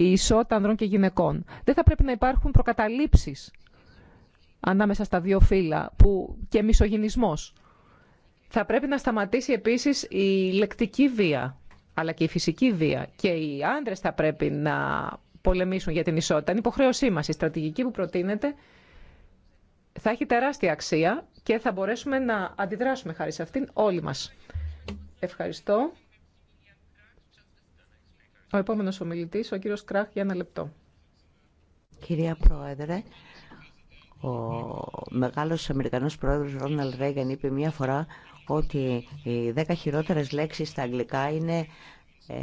η ισότητα ανδρών και γυναικών. Δεν θα πρέπει να υπάρχουν προκαταλήψεις ανάμεσα στα δύο φύλλα που, και μισογυνισμός. Θα πρέπει να σταματήσει επίσης η λεκτική βία, αλλά και η φυσική βία. Και οι άντρε θα πρέπει να πολεμήσουν για την ισότητα. Είναι υποχρέωσή μας. Η στρατηγική που προτείνεται θα έχει τεράστια αξία και θα μπορέσουμε να αντιδράσουμε χάρη σε αυτήν όλοι μας. Ευχαριστώ. Ο επόμενος ομιλητής, ο κύριο Κράχ, για ένα λεπτό. Κυρία Πρόεδρε, ο μεγάλος Αμερικανός πρόεδρος Ρόναλ Ρέγαν είπε μία φορά ότι οι δέκα χειρότερες λέξεις στα αγγλικά είναι ε,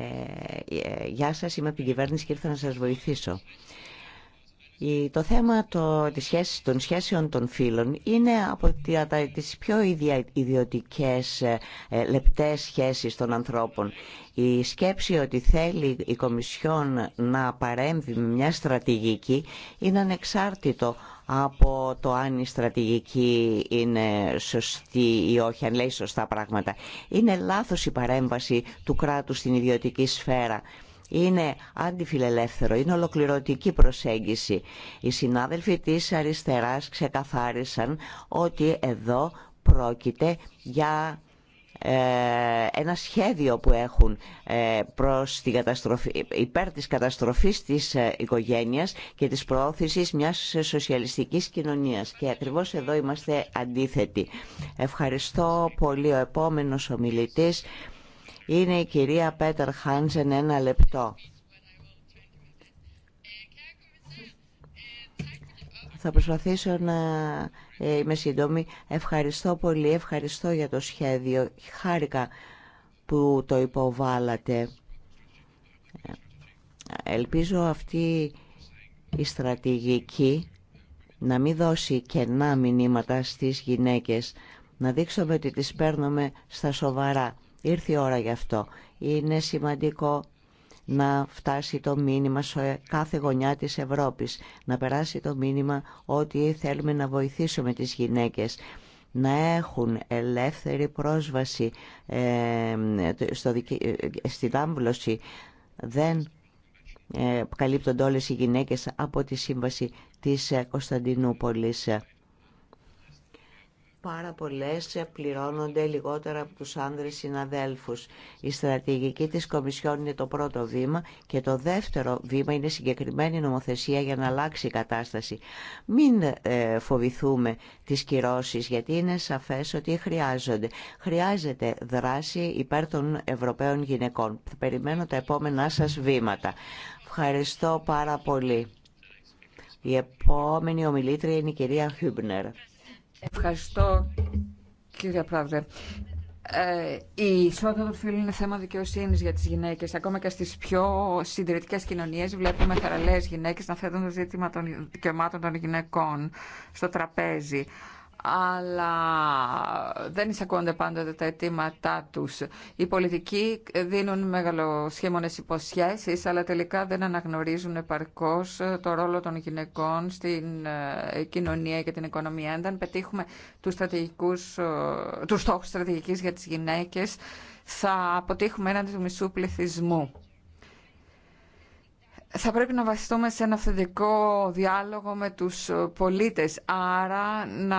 ε, «Γεια σας, είμαι από την κυβέρνηση και ήρθα να σας βοηθήσω». Το θέμα το, της των σχέσεων των φίλων είναι από τις πιο ιδιωτικές ε, ε, λεπτές σχέσεις των ανθρώπων. Η σκέψη ότι θέλει η Κομισιόν να παρέμβει μια στρατηγική είναι ανεξάρτητο από το αν η στρατηγική είναι σωστή ή όχι, αν λέει σωστά πράγματα. Είναι λάθος η παρέμβαση του κράτους στην ιδιωτική σφαίρα είναι αντιφιλελεύθερο, είναι ολοκληρωτική προσέγγιση. Οι συνάδελφοι της αριστεράς ξεκαθάρισαν ότι εδώ πρόκειται για ε, ένα σχέδιο που έχουν ε, προς την καταστροφή, υπέρ της καταστροφής της ε, οικογένειας και της προώθησης μιας σοσιαλιστικής κοινωνίας. Και ακριβώς εδώ είμαστε αντίθετοι. Ευχαριστώ πολύ ο επόμενος ομιλητής είναι η κυρία Πέτερ Χάνσεν ένα λεπτό. Θα προσπαθήσω να ε, είμαι σύντομη. Ευχαριστώ πολύ, ευχαριστώ για το σχέδιο. Χάρηκα που το υποβάλατε. Ελπίζω αυτή η στρατηγική να μην δώσει κενά μηνύματα στις γυναίκες, να δείξουμε ότι τις παίρνουμε στα σοβαρά. Ήρθε η ώρα γι' αυτό. Είναι σημαντικό να φτάσει το μήνυμα σε κάθε γωνιά της Ευρώπης, να περάσει το μήνυμα ότι θέλουμε να βοηθήσουμε τις γυναίκες να έχουν ελεύθερη πρόσβαση ε, στο ε, στη Δεν ε, καλύπτονται όλες οι γυναίκες από τη Σύμβαση της Κωνσταντινούπολης πάρα πολλές πληρώνονται λιγότερα από τους άνδρες συναδέλφους. Η στρατηγική της Κομισιόν είναι το πρώτο βήμα και το δεύτερο βήμα είναι συγκεκριμένη νομοθεσία για να αλλάξει η κατάσταση. Μην ε, φοβηθούμε τις κυρώσεις γιατί είναι σαφές ότι χρειάζονται. Χρειάζεται δράση υπέρ των Ευρωπαίων γυναικών. Περιμένω τα επόμενά σας βήματα. Ευχαριστώ πάρα πολύ. Η επόμενη ομιλήτρια είναι η κυρία Χιούμπνερ. Ευχαριστώ κύριε Πρόεδρε. Ε, η ισότητα των φίλων είναι θέμα δικαιοσύνη για τι γυναίκε. Ακόμα και στι πιο συντηρητικέ κοινωνίε βλέπουμε θεραλέ γυναίκε να θέτουν το ζήτημα των δικαιωμάτων των γυναικών στο τραπέζι αλλά δεν εισακούνται πάντοτε τα αιτήματά τους. Οι πολιτικοί δίνουν μεγαλοσχήμονες υποσχέσεις, αλλά τελικά δεν αναγνωρίζουν επαρκώς το ρόλο των γυναικών στην ε, κοινωνία και την οικονομία. Αν δεν πετύχουμε τους, στρατηγικούς, ε, τους στόχους στρατηγικής για τις γυναίκες, θα αποτύχουμε έναν του μισού πληθυσμού θα πρέπει να βασιστούμε σε ένα αυθεντικό διάλογο με τους ε, πολίτες, άρα να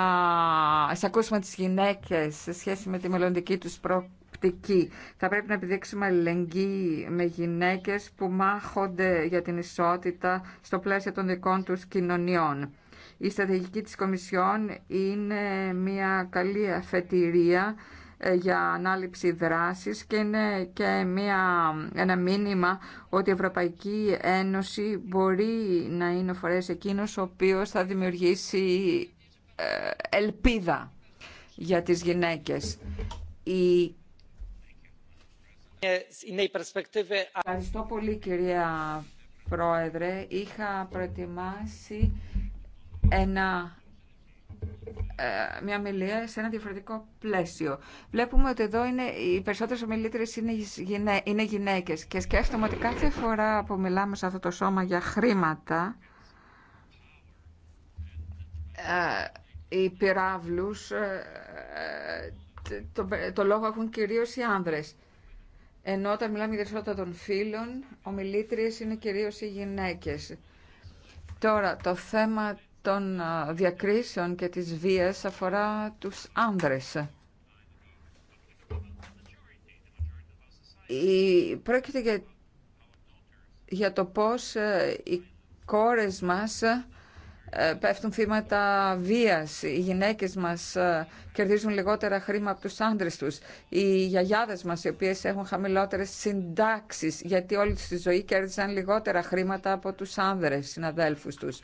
εισακούσουμε τις γυναίκες σε σχέση με τη μελλοντική τους προοπτική. Θα πρέπει να επιδείξουμε αλληλεγγύη με γυναίκες που μάχονται για την ισότητα στο πλαίσιο των δικών τους κοινωνιών. Η στρατηγική της Κομισιόν είναι μια καλή αφετηρία ε, για ανάληψη δράσης και είναι και μια, ένα μήνυμα ότι η Ευρωπαϊκή Ένωση μπορεί να είναι ο φορέας εκείνος ο οποίος θα δημιουργήσει ε, ελπίδα για τις γυναίκες. Η... Ευχαριστώ πολύ κυρία Πρόεδρε. Είχα προετοιμάσει ένα ε, μια ομιλία σε ένα διαφορετικό πλαίσιο. Βλέπουμε ότι εδώ είναι, οι περισσότερε ομιλήτρες είναι, είναι γυναίκες και σκέφτομαι ότι κάθε φορά που μιλάμε σε αυτό το σώμα για χρήματα ε, οι πυράβλους ε, το, το λόγο έχουν κυρίως οι άνδρες. Ενώ όταν μιλάμε για ισότητα των φίλων, ομιλήτριε είναι κυρίως οι γυναίκες. Τώρα, το θέμα των διακρίσεων και της βίας αφορά τους άνδρες. Η... Πρόκειται για... το πώς ε, οι κόρες μας ε, πέφτουν θύματα βίας, οι γυναίκες μας ε, κερδίζουν λιγότερα χρήμα από τους άντρες τους, οι γιαγιάδες μας οι οποίες έχουν χαμηλότερες συντάξεις γιατί όλη τη ζωή κέρδισαν λιγότερα χρήματα από τους άνδρες συναδέλφους τους.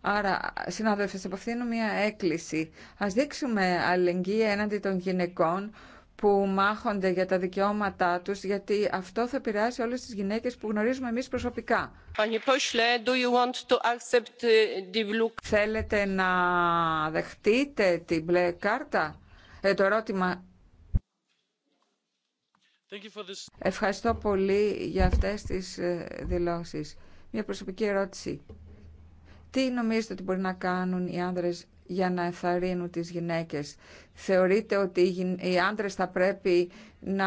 Άρα, συνάδελφοι, σας απευθύνω μια έκκληση. Ας δείξουμε αλληλεγγύη έναντι των γυναικών που μάχονται για τα δικαιώματά τους, γιατί αυτό θα επηρεάσει όλες τις γυναίκες που γνωρίζουμε εμείς προσωπικά. Θέλετε να δεχτείτε την μπλε κάρτα, ε, το ερώτημα... Ευχαριστώ πολύ για αυτές τις ε, δηλώσεις. Μια προσωπική ερώτηση. Τι νομίζετε ότι μπορεί να κάνουν οι άνδρες για να εθαρρύνουν τις γυναίκες. Θεωρείτε ότι οι άντρες θα πρέπει να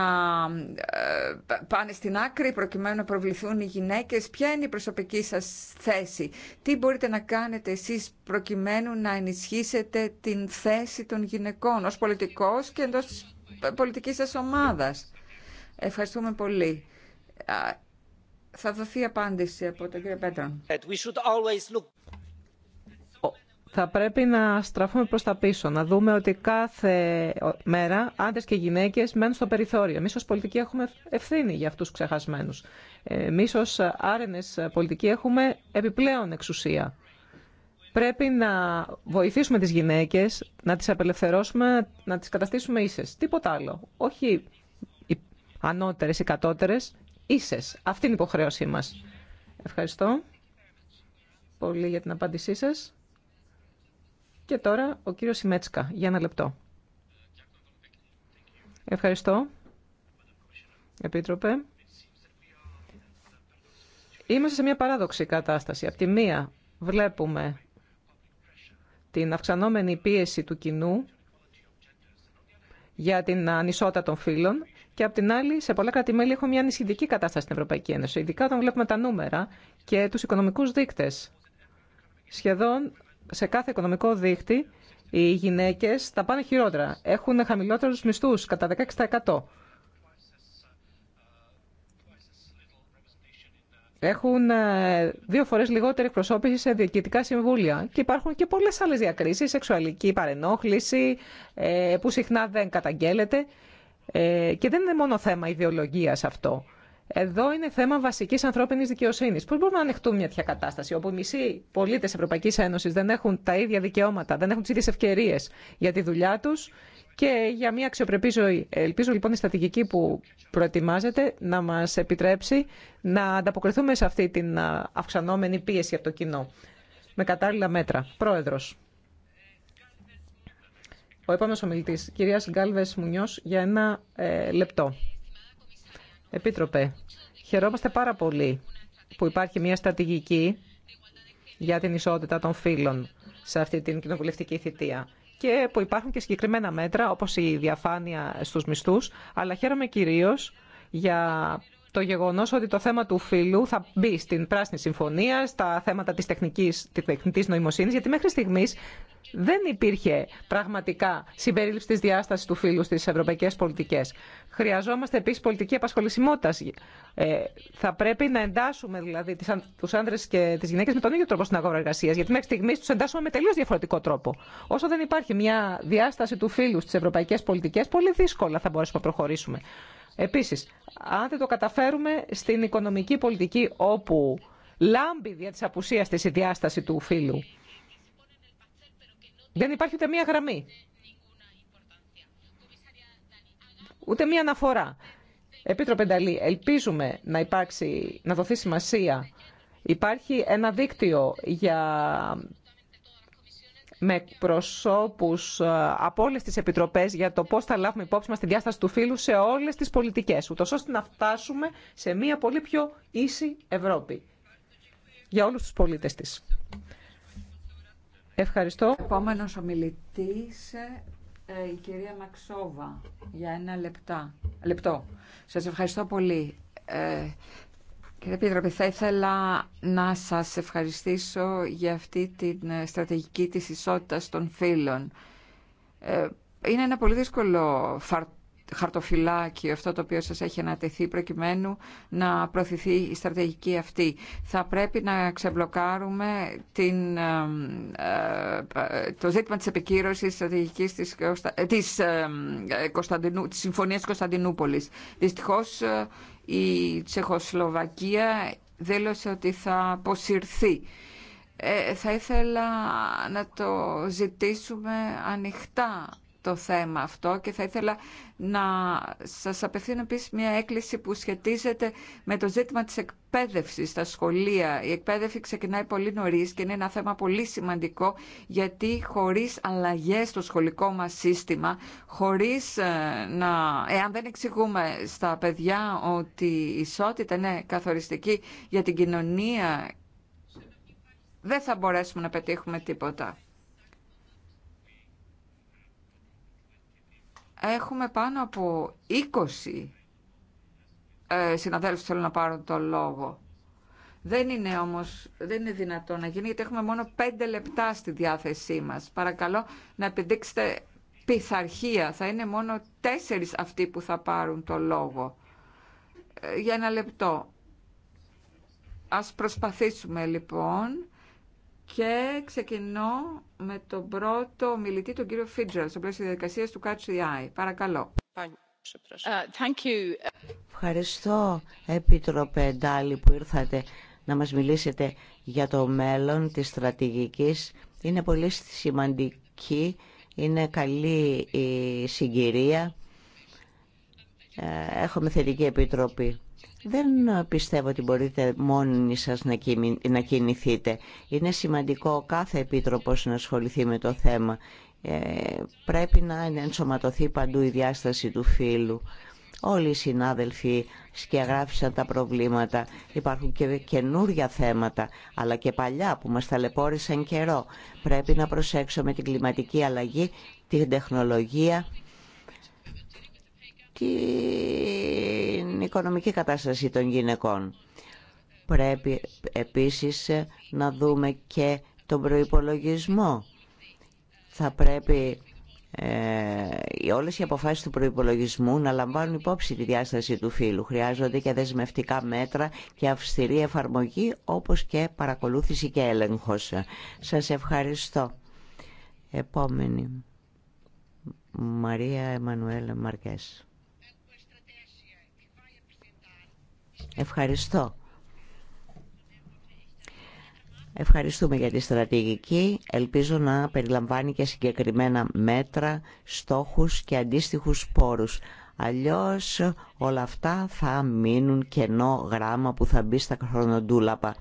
ε, πάνε στην άκρη προκειμένου να προβληθούν οι γυναίκες. Ποια είναι η προσωπική σας θέση. Τι μπορείτε να κάνετε εσείς προκειμένου να ενισχύσετε την θέση των γυναικών ως πολιτικός και εντός της ε, πολιτικής σας ομάδας. Ευχαριστούμε πολύ. Θα δοθεί απάντηση από τον κύριο Πέτρα. Θα πρέπει να στραφούμε προς τα πίσω, να δούμε ότι κάθε μέρα άντρες και γυναίκες μένουν στο περιθώριο. Εμείς ως πολιτικοί έχουμε ευθύνη για αυτούς τους ξεχασμένους. Ε, εμείς ως άρενες πολιτικοί έχουμε επιπλέον εξουσία. Πρέπει να βοηθήσουμε τις γυναίκες, να τις απελευθερώσουμε, να τις καταστήσουμε ίσες. Τίποτα άλλο. Όχι οι ανώτερες ή κατώτερες ίσες. Αυτή είναι η υποχρέωσή μας. Ευχαριστώ πολύ για την απάντησή σας. Και τώρα ο κύριος Σιμέτσκα για ένα λεπτό. Ευχαριστώ. Επίτροπε. Είμαστε σε μια παράδοξη κατάσταση. Από τη μία βλέπουμε την αυξανόμενη πίεση του κοινού για την ανισότητα των φύλων και απ' την άλλη, σε πολλά κράτη-μέλη έχουμε μια ανησυχητική κατάσταση στην Ευρωπαϊκή Ένωση, ειδικά όταν βλέπουμε τα νούμερα και του οικονομικού δείκτε. Σχεδόν σε κάθε οικονομικό δείκτη οι γυναίκε τα πάνε χειρότερα. Έχουν χαμηλότερου μισθού κατά 16%. Έχουν ε, δύο φορές λιγότερη εκπροσώπηση σε διοικητικά συμβούλια και υπάρχουν και πολλές άλλες διακρίσεις, σεξουαλική παρενόχληση ε, που συχνά δεν καταγγέλλεται ε, και δεν είναι μόνο θέμα ιδεολογία αυτό. Εδώ είναι θέμα βασική ανθρώπινη δικαιοσύνη. Πώ μπορούμε να ανεχτούμε μια τέτοια κατάσταση, όπου οι μισοί πολίτε Ευρωπαϊκή Ένωση δεν έχουν τα ίδια δικαιώματα, δεν έχουν τι ίδιε ευκαιρίε για τη δουλειά του και για μια αξιοπρεπή ζωή. Ελπίζω λοιπόν η στρατηγική που προετοιμάζεται να μα επιτρέψει να ανταποκριθούμε σε αυτή την αυξανόμενη πίεση από το κοινό. Με κατάλληλα μέτρα. Πρόεδρος. Ο επόμενο ομιλητή, κυρία Γκάλβε Μουνιό, για ένα ε, λεπτό. Επίτροπε, χαιρόμαστε πάρα πολύ που υπάρχει μια στρατηγική για την ισότητα των φύλων σε αυτή την κοινοβουλευτική θητεία και που υπάρχουν και συγκεκριμένα μέτρα όπως η διαφάνεια στους μισθούς, αλλά χαίρομαι κυρίως για το γεγονός ότι το θέμα του φύλου θα μπει στην Πράσινη Συμφωνία, στα θέματα της τεχνικής, της νοημοσύνης, γιατί μέχρι στιγμής δεν υπήρχε πραγματικά συμπερίληψη τη διάσταση του φύλου στι ευρωπαϊκέ πολιτικέ. Χρειαζόμαστε επίση πολιτική απασχολησιμότητα. Ε, θα πρέπει να εντάσσουμε δηλαδή του άνδρε και τι γυναίκε με τον ίδιο τρόπο στην αγορά εργασία, γιατί μέχρι στιγμή του εντάσσουμε με τελείω διαφορετικό τρόπο. Όσο δεν υπάρχει μια διάσταση του φύλου στι ευρωπαϊκέ πολιτικέ, πολύ δύσκολα θα μπορέσουμε να προχωρήσουμε. Επίση, αν δεν το καταφέρουμε στην οικονομική πολιτική, όπου λάμπει δια τη απουσία τη η διάσταση του φύλου δεν υπάρχει ούτε μία γραμμή. Ούτε μία αναφορά. Επίτροπε Νταλή, ελπίζουμε να, υπάρξει, να δοθεί σημασία. Υπάρχει ένα δίκτυο για... με προσώπους ε, από όλες τις επιτροπές για το πώς θα λάβουμε υπόψη μας τη διάσταση του φίλου σε όλες τις πολιτικές, ούτως ώστε να φτάσουμε σε μία πολύ πιο ίση Ευρώπη για όλους τους πολίτες της. Ευχαριστώ. Επόμενος ομιλητής, ε, η κυρία Μαξόβα, για ένα λεπτά. λεπτό. Σα ευχαριστώ πολύ. Ε, κύριε Πίτροπε, θα ήθελα να σας ευχαριστήσω για αυτή την ε, στρατηγική της ισότητας των φύλων. Ε, είναι ένα πολύ δύσκολο φαρτό χαρτοφυλάκιο, αυτό το οποίο σας έχει ανατεθεί προκειμένου να προωθηθεί η στρατηγική αυτή. Θα πρέπει να ξεμπλοκάρουμε την, ε, ε, το ζήτημα της επικύρωσης στρατηγικής της, ε, της, Κωνσταντινού, της Συμφωνίας Κωνσταντινούπολης. Δυστυχώς η Τσεχοσλοβακία δήλωσε ότι θα αποσυρθεί. θα ήθελα να το ζητήσουμε ανοιχτά το θέμα αυτό και θα ήθελα να σας απευθύνω επίση μια έκκληση που σχετίζεται με το ζήτημα της εκπαίδευσης στα σχολεία. Η εκπαίδευση ξεκινάει πολύ νωρίς και είναι ένα θέμα πολύ σημαντικό γιατί χωρίς αλλαγές στο σχολικό μας σύστημα, χωρίς ε, να... εάν δεν εξηγούμε στα παιδιά ότι η ισότητα είναι καθοριστική για την κοινωνία, δεν θα μπορέσουμε να πετύχουμε τίποτα. Έχουμε πάνω από 20 ε, συναδέλφους θέλουν να πάρουν το λόγο. Δεν είναι όμως, δεν είναι δυνατό να γίνει γιατί έχουμε μόνο 5 λεπτά στη διάθεσή μας. Παρακαλώ να επιδείξετε πειθαρχία. Θα είναι μόνο 4 αυτοί που θα πάρουν το λόγο. Ε, για ένα λεπτό. Ας προσπαθήσουμε λοιπόν και ξεκινώ με τον πρώτο μιλητή, τον κύριο Φίτζερ, στο πλαίσιο διαδικασία του Catch the Eye. Παρακαλώ. Ε, Ευχαριστώ, Επίτροπε Ντάλη, που ήρθατε να μας μιλήσετε για το μέλλον της στρατηγικής. Είναι πολύ σημαντική, είναι καλή η συγκυρία. Ε, έχουμε θετική επιτροπή. Δεν πιστεύω ότι μπορείτε μόνοι σας να κινηθείτε. Είναι σημαντικό κάθε επίτροπος να ασχοληθεί με το θέμα. Ε, πρέπει να ενσωματωθεί παντού η διάσταση του φύλου. Όλοι οι συνάδελφοι σκιαγράφησαν τα προβλήματα. Υπάρχουν και καινούργια θέματα, αλλά και παλιά που μας ταλαιπώρησαν καιρό. Πρέπει να προσέξουμε την κλιματική αλλαγή, την τεχνολογία την οικονομική κατάσταση των γυναικών. Πρέπει επίσης να δούμε και τον προϋπολογισμό. Θα πρέπει ε, όλες οι αποφάσεις του προϋπολογισμού να λαμβάνουν υπόψη τη διάσταση του φύλου. Χρειάζονται και δεσμευτικά μέτρα και αυστηρή εφαρμογή όπως και παρακολούθηση και έλεγχος. Σας ευχαριστώ. Επόμενη. Μαρία Εμμανουέλα Μαρκές. Ευχαριστώ. Ευχαριστούμε για τη στρατηγική. Ελπίζω να περιλαμβάνει και συγκεκριμένα μέτρα, στόχους και αντίστοιχους πόρους. Αλλιώς όλα αυτά θα μείνουν κενό γράμμα που θα μπει στα χρονοτούλαπα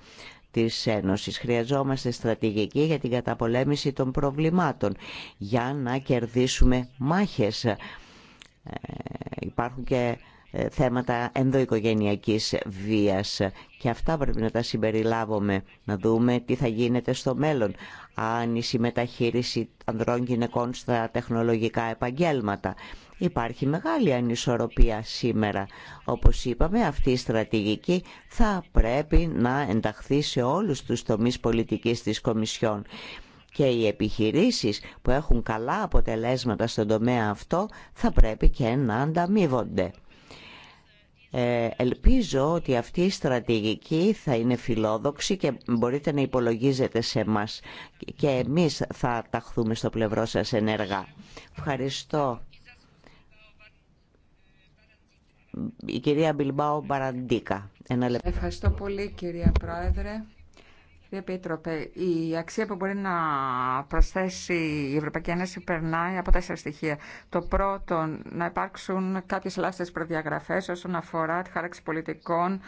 της Ένωσης. Χρειαζόμαστε στρατηγική για την καταπολέμηση των προβλημάτων, για να κερδίσουμε μάχες. Ε, υπάρχουν και ε, θέματα ενδοοικογενειακής βίας και αυτά πρέπει να τα συμπεριλάβουμε, να δούμε τι θα γίνεται στο μέλλον, αν η συμμεταχείριση ανδρών γυναικών στα τεχνολογικά επαγγέλματα. Υπάρχει μεγάλη ανισορροπία σήμερα. Όπως είπαμε, αυτή η στρατηγική θα πρέπει να ενταχθεί σε όλους τους τομείς πολιτικής της Κομισιόν και οι επιχειρήσεις που έχουν καλά αποτελέσματα στον τομέα αυτό θα πρέπει και να ανταμείβονται. Ε, ελπίζω ότι αυτή η στρατηγική θα είναι φιλόδοξη και μπορείτε να υπολογίζετε σε μας και εμείς θα ταχθούμε στο πλευρό σας ενεργά. Ευχαριστώ. Η κυρία Μπιλμπάου Μπαραντίκα. Ένα λεπτό. Ευχαριστώ πολύ κυρία Πρόεδρε. Κύριε η αξία που μπορεί να προσθέσει η Ευρωπαϊκή Ένωση περνάει από τέσσερα στοιχεία. Το πρώτο, να υπάρξουν κάποιες ελάχιστες προδιαγραφές όσον αφορά τη χάραξη πολιτικών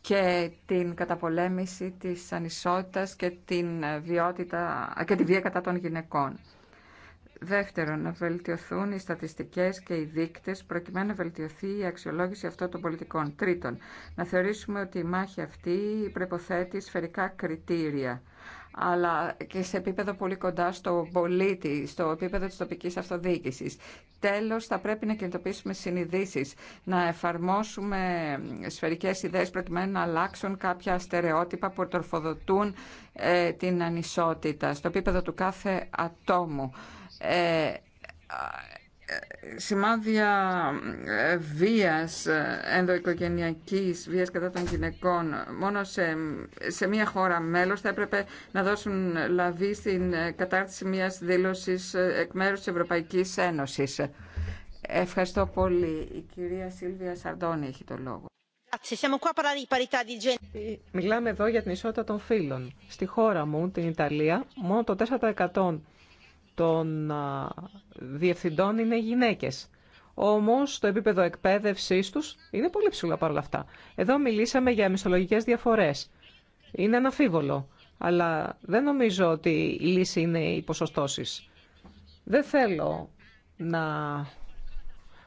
και την καταπολέμηση της ανισότητας και, την βιότητα, και τη βία κατά των γυναικών. Δεύτερον, να βελτιωθούν οι στατιστικές και οι δείκτες προκειμένου να βελτιωθεί η αξιολόγηση αυτών των πολιτικών. Τρίτον, να θεωρήσουμε ότι η μάχη αυτή προποθέτει σφαιρικά κριτήρια αλλά και σε επίπεδο πολύ κοντά στο πολίτη, στο επίπεδο της τοπικής αυτοδιοίκησης. Τέλος, θα πρέπει να κινητοποιήσουμε συνειδήσεις, να εφαρμόσουμε σφαιρικές ιδέες προκειμένου να αλλάξουν κάποια στερεότυπα που τροφοδοτούν ε, την ανισότητα στο επίπεδο του κάθε ατόμου. Ε, σημάδια ε, βίας ε, ενδοοικογενειακής, βίας κατά των γυναικών μόνο σε, μία χώρα μέλος θα έπρεπε να δώσουν λαβή στην ε, κατάρτιση μιας δήλωσης εκ μέρους της Ευρωπαϊκής Ένωσης. Ευχαριστώ πολύ. Η κυρία Σίλβια Σαρδόνη έχει το λόγο. Μιλάμε εδώ για την ισότητα των φύλων. Στη χώρα μου, την Ιταλία, μόνο το 4% των διευθυντών είναι γυναίκες. Όμως το επίπεδο εκπαίδευσής τους είναι πολύ ψηλό παρόλα αυτά. Εδώ μιλήσαμε για μισθολογικές διαφορές. Είναι αναφίβολο, αλλά δεν νομίζω ότι η λύση είναι οι ποσοστώσεις. Δεν θέλω να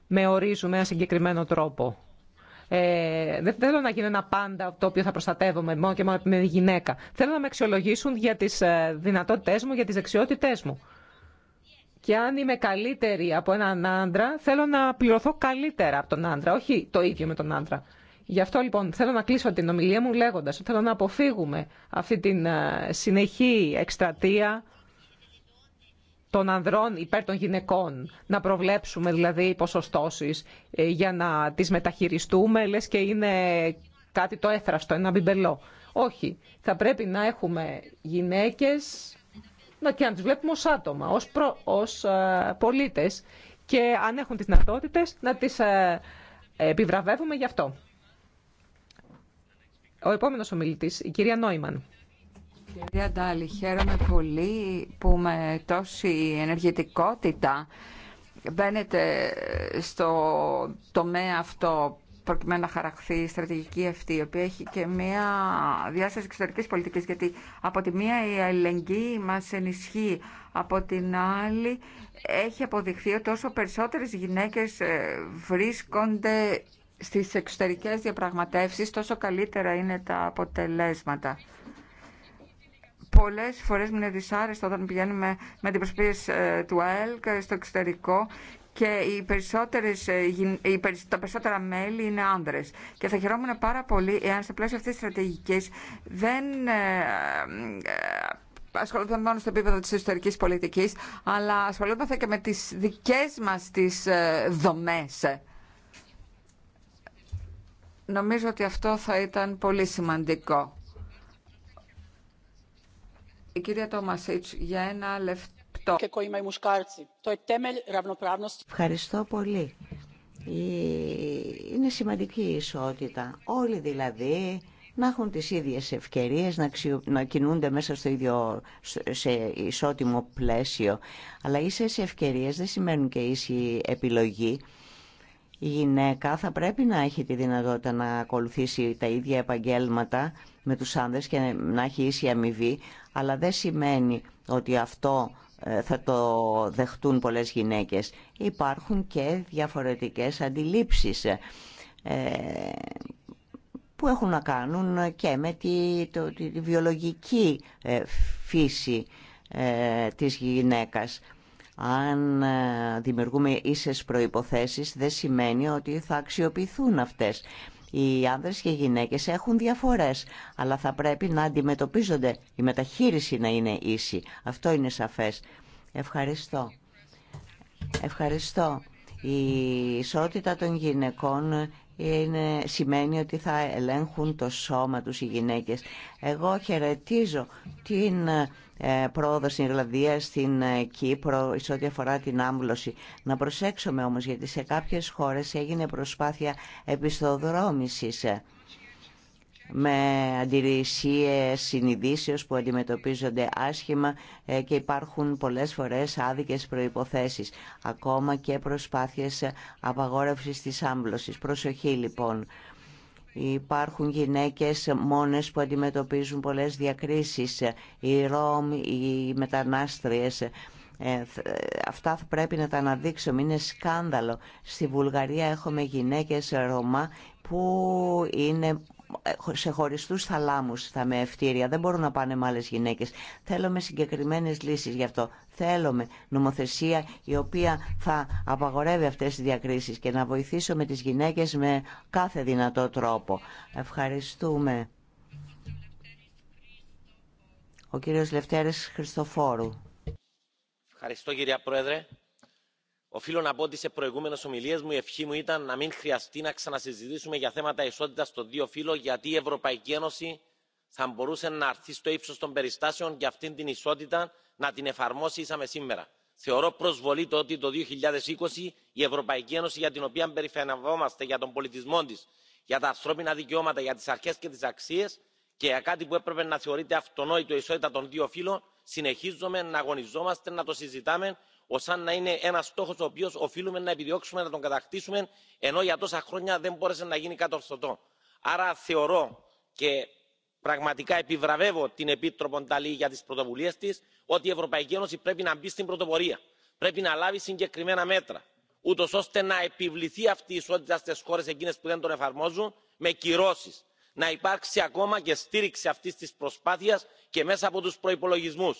με ορίζουν με ένα συγκεκριμένο τρόπο. Ε, δεν θέλω να γίνω ένα πάντα το οποίο θα προστατεύομαι μόνο και μόνο με γυναίκα. Θέλω να με αξιολογήσουν για τις ε, δυνατότητές μου, για τις δεξιότητές μου. Και αν είμαι καλύτερη από έναν άντρα, θέλω να πληρωθώ καλύτερα από τον άντρα, όχι το ίδιο με τον άντρα. Γι' αυτό λοιπόν θέλω να κλείσω την ομιλία μου λέγοντας ότι θέλω να αποφύγουμε αυτή την ε, συνεχή εκστρατεία των ανδρών υπέρ των γυναικών, να προβλέψουμε δηλαδή ποσοστώσεις ε, για να τις μεταχειριστούμε, λε και είναι κάτι το έθραστο, ένα μπιμπελό. Όχι, θα πρέπει να έχουμε γυναίκες να και να τους βλέπουμε ως άτομα, ως, ε, πολίτες και αν έχουν τις δυνατότητε να τις ε, επιβραβεύουμε γι' αυτό. Ο επόμενος ομιλητής, η κυρία Νόημαν. Κυρία Ντάλη, χαίρομαι πολύ που με τόση ενεργητικότητα μπαίνετε στο τομέα αυτό προκειμένου να χαραχθεί η στρατηγική αυτή, η οποία έχει και μια διάσταση εξωτερική πολιτική. Γιατί από τη μία η αλληλεγγύη μα ενισχύει, από την άλλη έχει αποδειχθεί ότι όσο περισσότερε γυναίκε ε, βρίσκονται στις εξωτερικές διαπραγματεύσεις τόσο καλύτερα είναι τα αποτελέσματα. Πολλές φορές μου είναι δυσάρεστο όταν πηγαίνουμε με την προσπίεση ε, του ΑΕΛΚ στο εξωτερικό και οι περισσότερες, ε, τα περισσότερα μέλη είναι άνδρες. Και θα χαιρόμουν πάρα πολύ εάν σε πλαίσιο αυτής της στρατηγικής δεν ε, ε, ασχολούνται μόνο στο επίπεδο της εσωτερική πολιτικής, αλλά ασχολούνται και με τις δικές μας τις δομές. Νομίζω ότι αυτό θα ήταν πολύ σημαντικό. Η κυρία Τόμασίτς, για ένα λεπτό. Ευχαριστώ. πολύ. Είναι σημαντική η ισότητα. Όλοι δηλαδή να έχουν τις ίδιες ευκαιρίες, να, κινούνται μέσα στο ίδιο σε ισότιμο πλαίσιο. Αλλά ίσες ευκαιρίες δεν σημαίνουν και ίση επιλογή. Η γυναίκα θα πρέπει να έχει τη δυνατότητα να ακολουθήσει τα ίδια επαγγέλματα με τους άνδρες και να έχει ίση αμοιβή, αλλά δεν σημαίνει ότι αυτό ε, θα το δεχτούν πολλές γυναίκες. Υπάρχουν και διαφορετικές αντιλήψεις ε, που έχουν να κάνουν και με τη, βιολογική ε, φύση της γυναίκας. Αν δημιουργούμε ίσες προϋποθέσεις δεν σημαίνει ότι θα αξιοποιηθούν αυτές. Οι άνδρες και οι γυναίκες έχουν διαφορές, αλλά θα πρέπει να αντιμετωπίζονται. Η μεταχείριση να είναι ίση. Αυτό είναι σαφές. Ευχαριστώ. Ευχαριστώ. Η ισότητα των γυναικών είναι, σημαίνει ότι θα ελέγχουν το σώμα τους οι γυναίκες. Εγώ χαιρετίζω την ε, πρόοδο στην Ιρλανδία, στην ε, Κύπρο, σε ό,τι αφορά την άμβλωση. Να προσέξουμε όμως, γιατί σε κάποιες χώρες έγινε προσπάθεια επιστοδρόμησης με αντιρρησίες συνειδήσεως που αντιμετωπίζονται άσχημα ε, και υπάρχουν πολλές φορές άδικες προϋποθέσεις, ακόμα και προσπάθειες απαγόρευσης της άμπλωσης. Προσοχή λοιπόν. Υπάρχουν γυναίκες μόνες που αντιμετωπίζουν πολλές διακρίσεις, οι Ρώμ, οι μετανάστριες. Ε, ε, αυτά θα πρέπει να τα αναδείξουμε, είναι σκάνδαλο. Στη Βουλγαρία έχουμε γυναίκες Ρωμά που είναι σε χωριστούς θαλάμους θα με ευτήρια. Δεν μπορούν να πάνε με άλλες γυναίκες. Θέλουμε συγκεκριμένες λύσεις γι' αυτό. Θέλουμε νομοθεσία η οποία θα απαγορεύει αυτές τις διακρίσεις και να βοηθήσουμε τις γυναίκες με κάθε δυνατό τρόπο. Ευχαριστούμε. Ο κύριος Λευτέρης Χριστοφόρου. Ευχαριστώ κυρία Πρόεδρε οφείλω να πω ότι σε προηγούμενε ομιλίε μου η ευχή μου ήταν να μην χρειαστεί να ξανασυζητήσουμε για θέματα ισότητα των δύο φύλων γιατί η ευρωπαϊκή ένωση θα μπορούσε να έρθει στο ύψο των περιστάσεων και αυτήν την ισότητα να την εφαρμόσει ίσα με σήμερα. θεωρώ προσβολή το ότι το 2020 η ευρωπαϊκή ένωση για την οποία περηφανευόμαστε για τον πολιτισμό τη για τα ανθρώπινα δικαιώματα για τι αρχέ και τι αξίε και για κάτι που έπρεπε να θεωρείται αυτονόητο ισότητα των δύο φύλων συνεχίζουμε να αγωνιζόμαστε να το συζητάμε ω αν να είναι ένα στόχο ο οποίο οφείλουμε να επιδιώξουμε να τον κατακτήσουμε ενώ για τόσα χρόνια δεν μπόρεσε να γίνει κάτι ορθωτό. άρα θεωρώ και πραγματικά επιβραβεύω την επίτροπο Ταλή για τι πρωτοβουλίε τη ότι η ευρωπαϊκή ένωση πρέπει να μπει στην πρωτοπορία πρέπει να λάβει συγκεκριμένα μέτρα ούτω ώστε να επιβληθεί αυτή η ισότητα στι χώρε εκείνε που δεν τον εφαρμόζουν με κυρώσει να υπάρξει ακόμα και στήριξη αυτή τη προσπάθεια και μέσα από του προπολογισμού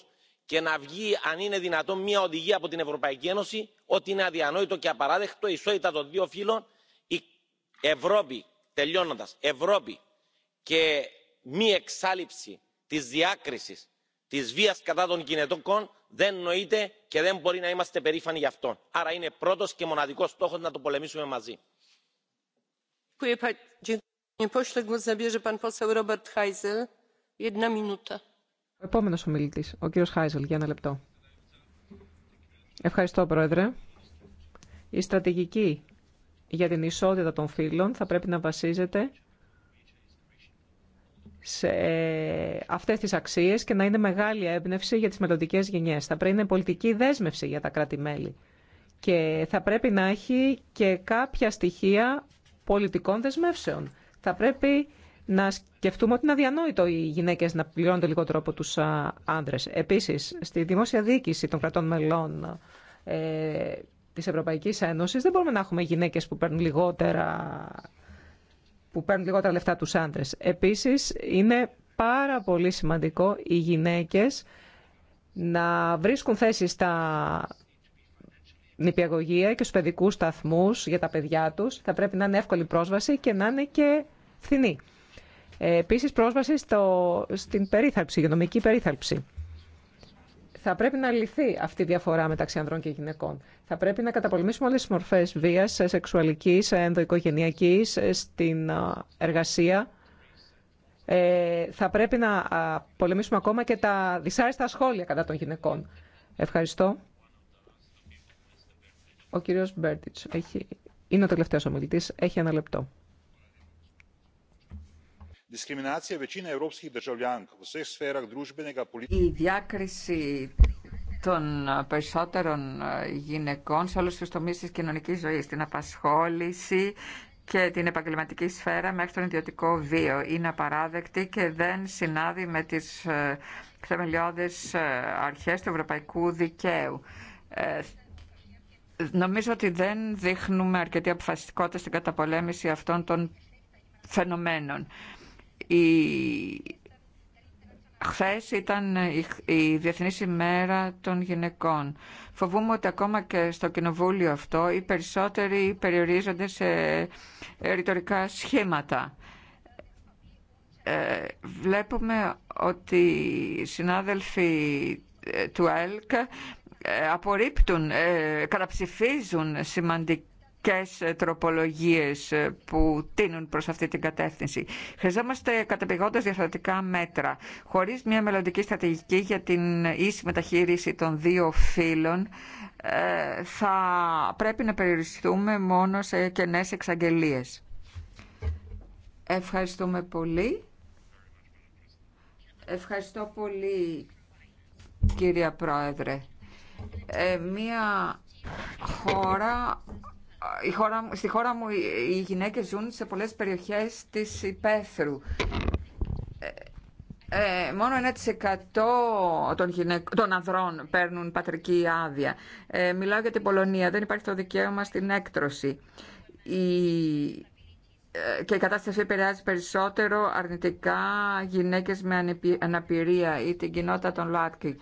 και να βγει αν είναι δυνατόν μια οδηγία από την ευρωπαϊκή ένωση ότι είναι αδιανόητο και απαράδεκτο ισότητα των δύο φύλων η ευρώπη τελειώνοντας ευρώπη και μη εξάλληψη της διάκρισης της βίας κατά των γυναικών δεν νοείται και δεν μπορεί να είμαστε περήφανοι γι' αυτό. άρα είναι πρώτος και μοναδικός στόχος να το πολεμήσουμε μαζί. Ο επόμενος ομιλητής, ο κύριος Χάιζελ, για ένα λεπτό. Ευχαριστώ, Πρόεδρε. Η στρατηγική για την ισότητα των φύλων θα πρέπει να βασίζεται σε αυτές τις αξίες και να είναι μεγάλη έμπνευση για τις μελλοντικέ γενιές. Θα πρέπει να είναι πολιτική δέσμευση για τα κράτη-μέλη και θα πρέπει να έχει και κάποια στοιχεία πολιτικών δεσμεύσεων. Θα πρέπει να σκεφτούμε ότι είναι αδιανόητο οι γυναίκε να πληρώνονται λιγότερο από του άντρε. Επίση, στη δημόσια διοίκηση των κρατών μελών ε, της Ευρωπαϊκής Ένωσης δεν μπορούμε να έχουμε γυναίκε που παίρνουν λιγότερα, που παίρνουν λιγότερα λεφτά τους άντρες. Επίσης, είναι πάρα πολύ σημαντικό οι γυναίκες να βρίσκουν θέσεις στα νηπιαγωγεία και στους παιδικούς σταθμούς για τα παιδιά τους. Θα πρέπει να είναι εύκολη πρόσβαση και να είναι και φθηνή. Ε, επίσης πρόσβαση στο, στην περίθαλψη, υγειονομική περίθαλψη. Θα πρέπει να λυθεί αυτή η διαφορά μεταξύ ανδρών και γυναικών. Θα πρέπει να καταπολεμήσουμε όλες τις μορφές βίας, σεξουαλικής, ενδοοικογενειακής, στην εργασία. Ε, θα πρέπει να πολεμήσουμε ακόμα και τα δυσάρεστα σχόλια κατά των γυναικών. Ευχαριστώ. Ο κύριος Μπέρτιτς είναι ο τελευταίος ομιλητής. Έχει ένα λεπτό. Η διάκριση των ε, περισσότερων ε, γυναικών σε όλους τους τομείς της κοινωνικής ζωής, την απασχόληση και την επαγγελματική σφαίρα μέχρι τον ιδιωτικό βίο. Είναι απαράδεκτη και δεν συνάδει με τις ε, θεμελιώδεις αρχές του ευρωπαϊκού δικαίου. Νομίζω ότι δεν δείχνουμε αρκετή αποφασιστικότητα στην καταπολέμηση αυτών των φαινομένων. Η... Χθες ήταν η Διεθνής ημέρα των γυναικών. Φοβούμαι ότι ακόμα και στο κοινοβούλιο αυτό οι περισσότεροι περιορίζονται σε ρητορικά σχήματα. Ε, βλέπουμε ότι οι συνάδελφοι ε, του ΕΛΚ ε, απορρίπτουν, καταψηφίζουν σημαντικά και ε, τροπολογίες ε, που τίνουν προς αυτή την κατεύθυνση. Χρειαζόμαστε καταπηγόντως διαφορετικά μέτρα. Χωρίς μια μελλοντική στρατηγική για την ίση μεταχείριση των δύο φύλων, ε, θα πρέπει να περιοριστούμε μόνο σε κενές εξαγγελίες. Ευχαριστούμε πολύ. Ευχαριστώ πολύ, κυρία Πρόεδρε. μία χώρα η χώρα, στη χώρα μου οι γυναίκες ζουν σε πολλές περιοχές της υπαίθρου. Ε, ε, μόνο 1% των, γυναικ... των ανδρών παίρνουν πατρική άδεια. Ε, μιλάω για την Πολωνία. Δεν υπάρχει το δικαίωμα στην έκτρωση. Η... Ε, και η κατάσταση επηρεάζει περισσότερο αρνητικά γυναίκες με αναπηρία ή την κοινότητα των ΛΟΑΤΚΙ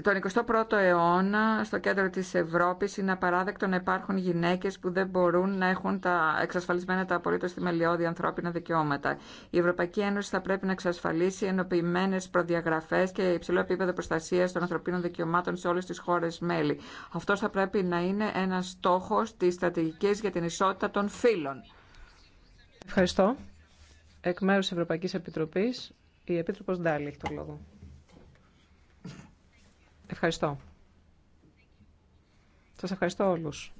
τον 21ο αιώνα στο κέντρο της Ευρώπης είναι απαράδεκτο να υπάρχουν γυναίκες που δεν μπορούν να έχουν τα εξασφαλισμένα τα απολύτως θεμελιώδη ανθρώπινα δικαιώματα. Η Ευρωπαϊκή Ένωση θα πρέπει να εξασφαλίσει ενοποιημένες προδιαγραφές και υψηλό επίπεδο προστασίας των ανθρωπίνων δικαιωμάτων σε όλες τις χώρες μέλη. Αυτό θα πρέπει να είναι ένας στόχος της στρατηγικής για την ισότητα των φύλων. Ευχαριστώ. Εκ μέρους Ευρωπαϊκής Επιτροπής, η Επίτροπος Ντάλη έχει το λόγο. Ευχαριστώ. Σας ευχαριστώ όλους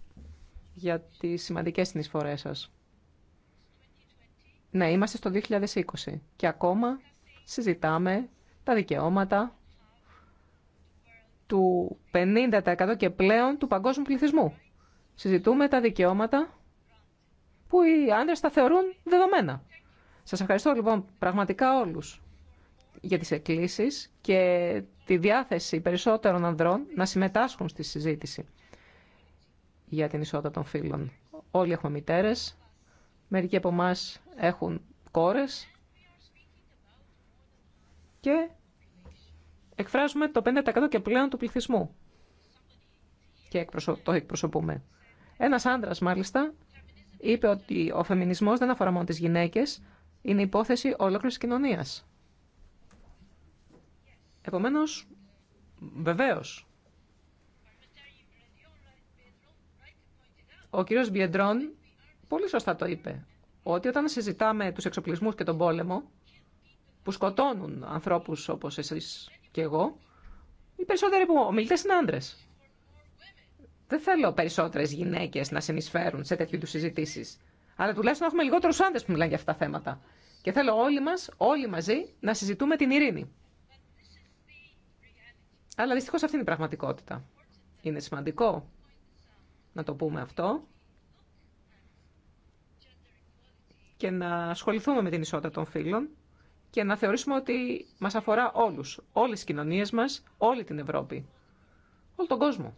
για τις σημαντικές συνεισφορές σας. Ναι, είμαστε στο 2020 και ακόμα συζητάμε τα δικαιώματα του 50% και πλέον του παγκόσμιου πληθυσμού. Συζητούμε τα δικαιώματα που οι άντρες τα θεωρούν δεδομένα. Σας ευχαριστώ λοιπόν πραγματικά όλους για τις εκκλήσεις και τη διάθεση περισσότερων ανδρών να συμμετάσχουν στη συζήτηση για την ισότητα των φύλων. Όλοι έχουμε μητέρες, μερικοί από εμά έχουν κόρες και εκφράζουμε το 50% και πλέον του πληθυσμού και το εκπροσωπούμε. Ένας άντρας μάλιστα είπε ότι ο φεμινισμός δεν αφορά μόνο τις γυναίκες, είναι υπόθεση ολόκληρης κοινωνίας. Επομένως, βεβαίως, ο κύριος Μπιεντρών πολύ σωστά το είπε, ότι όταν συζητάμε τους εξοπλισμούς και τον πόλεμο, που σκοτώνουν ανθρώπους όπως εσείς και εγώ, οι περισσότεροι που ομιλητές είναι άντρες. Δεν θέλω περισσότερες γυναίκες να συνεισφέρουν σε τέτοιου τους συζητήσει. Αλλά τουλάχιστον έχουμε λιγότερους άντρες που μιλάνε για αυτά τα θέματα. Και θέλω όλοι μας, όλοι μαζί, να συζητούμε την ειρήνη. Αλλά δυστυχώ αυτή είναι η πραγματικότητα. Είναι σημαντικό να το πούμε αυτό και να ασχοληθούμε με την ισότητα των φύλων και να θεωρήσουμε ότι μας αφορά όλους, όλες τις κοινωνίες μας, όλη την Ευρώπη, όλο τον κόσμο.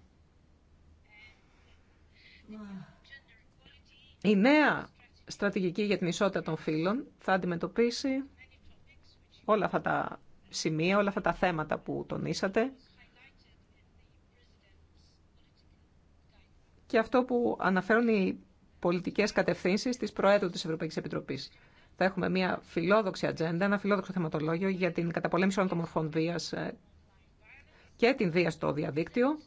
Η νέα στρατηγική για την ισότητα των φίλων θα αντιμετωπίσει όλα αυτά τα σημεία, όλα αυτά τα θέματα που τονίσατε και αυτό που αναφέρουν οι πολιτικέ κατευθύνσει τη Προέδρου τη Ευρωπαϊκή Επιτροπή. Θα έχουμε μια φιλόδοξη ατζέντα, ένα φιλόδοξο θεματολόγιο για την καταπολέμηση όλων των μορφών βία ε, και την βία στο διαδίκτυο.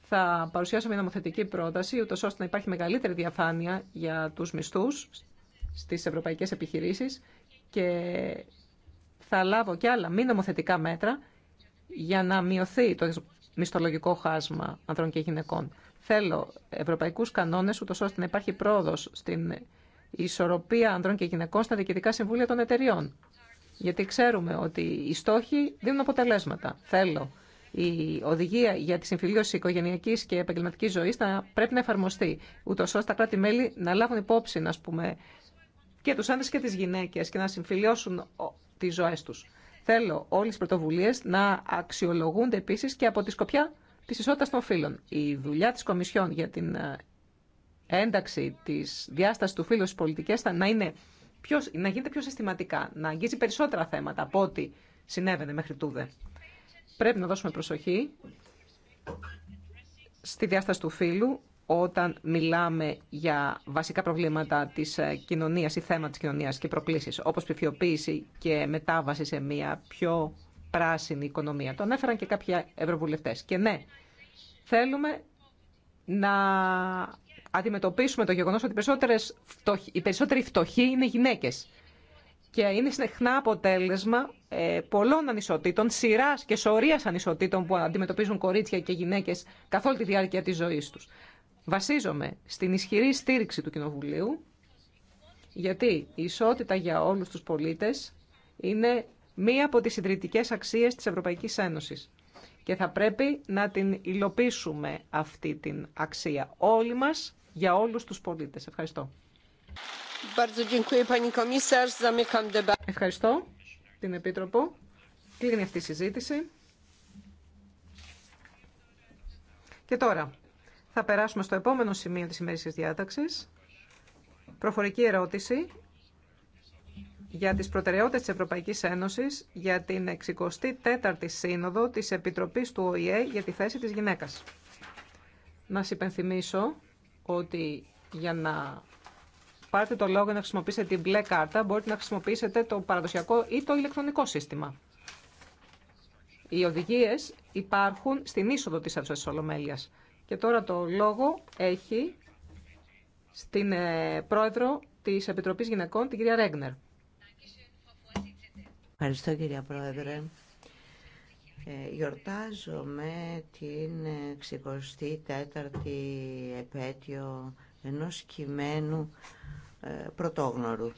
Θα παρουσιάσω μια νομοθετική πρόταση, ούτω ώστε να υπάρχει μεγαλύτερη διαφάνεια για του μισθού στι ευρωπαϊκέ επιχειρήσει, και θα λάβω και άλλα μη νομοθετικά μέτρα για να μειωθεί το μισθολογικό χάσμα ανδρών και γυναικών. Θέλω ευρωπαϊκού κανόνε, ούτω ώστε να υπάρχει πρόοδο στην ισορροπία ανδρών και γυναικών στα διοικητικά συμβούλια των εταιριών. Γιατί ξέρουμε ότι οι στόχοι δίνουν αποτελέσματα. Θέλω η οδηγία για τη συμφιλίωση οικογενειακή και επαγγελματική ζωή να πρέπει να εφαρμοστεί, ούτω ώστε τα κράτη-μέλη να λάβουν υπόψη, να πούμε, και του άντρε και τι γυναίκε και να συμφιλιώσουν τι ζωέ του. Θέλω όλε τι πρωτοβουλίε να αξιολογούνται επίση και από τη σκοπιά τη ισότητα των φύλων. Η δουλειά της Κομισιόν για την ε, ένταξη της διάστασης του φύλου στι πολιτικέ θα να, είναι πιο, να γίνεται πιο συστηματικά, να αγγίζει περισσότερα θέματα από ό,τι συνέβαινε μέχρι τούδε. Πρέπει να δώσουμε προσοχή στη διάσταση του φύλου όταν μιλάμε για βασικά προβλήματα της ε, κοινωνίας ή θέματα της κοινωνίας και προκλήσεις, όπως ψηφιοποίηση και μετάβαση σε μια πιο πράσινη οικονομία. Το ανέφεραν και κάποιοι ευρωβουλευτές. Και ναι, θέλουμε να αντιμετωπίσουμε το γεγονός ότι οι, περισσότερες οι περισσότεροι φτωχοί είναι γυναίκες. Και είναι συχνά αποτέλεσμα ε, πολλών ανισοτήτων, σειρά και σωρία ανισοτήτων που αντιμετωπίζουν κορίτσια και γυναίκε καθ' όλη τη διάρκεια τη ζωή του. Βασίζομαι στην ισχυρή στήριξη του Κοινοβουλίου, γιατί η ισότητα για όλου του πολίτε είναι μία από τις ιδρυτικές αξίες της Ευρωπαϊκής Ένωσης. Και θα πρέπει να την υλοποιήσουμε αυτή την αξία όλοι μας για όλους τους πολίτες. Ευχαριστώ. Ευχαριστώ την Επίτροπο. Κλείνει αυτή η συζήτηση. Και τώρα θα περάσουμε στο επόμενο σημείο της ημέρησης διάταξης. Προφορική ερώτηση για τις προτεραιότητες της Ευρωπαϊκής Ένωσης για την 64η Σύνοδο της Επιτροπής του ΟΗΕ για τη θέση της γυναίκας. Να σας υπενθυμίσω ότι για να πάρετε το λόγο να χρησιμοποιήσετε την μπλε κάρτα, μπορείτε να χρησιμοποιήσετε το παραδοσιακό ή το ηλεκτρονικό σύστημα. Οι οδηγίες υπάρχουν στην είσοδο της Αυσίας Ολομέλειας. Και τώρα το λόγο έχει στην ε, πρόεδρο της Επιτροπής Γυναικών, την κυρία Ρέγνερ. Ευχαριστώ κυρία Πρόεδρε. Ε, γιορτάζομαι την 64η επέτειο ενός κειμένου ε, πρωτόγνωρου.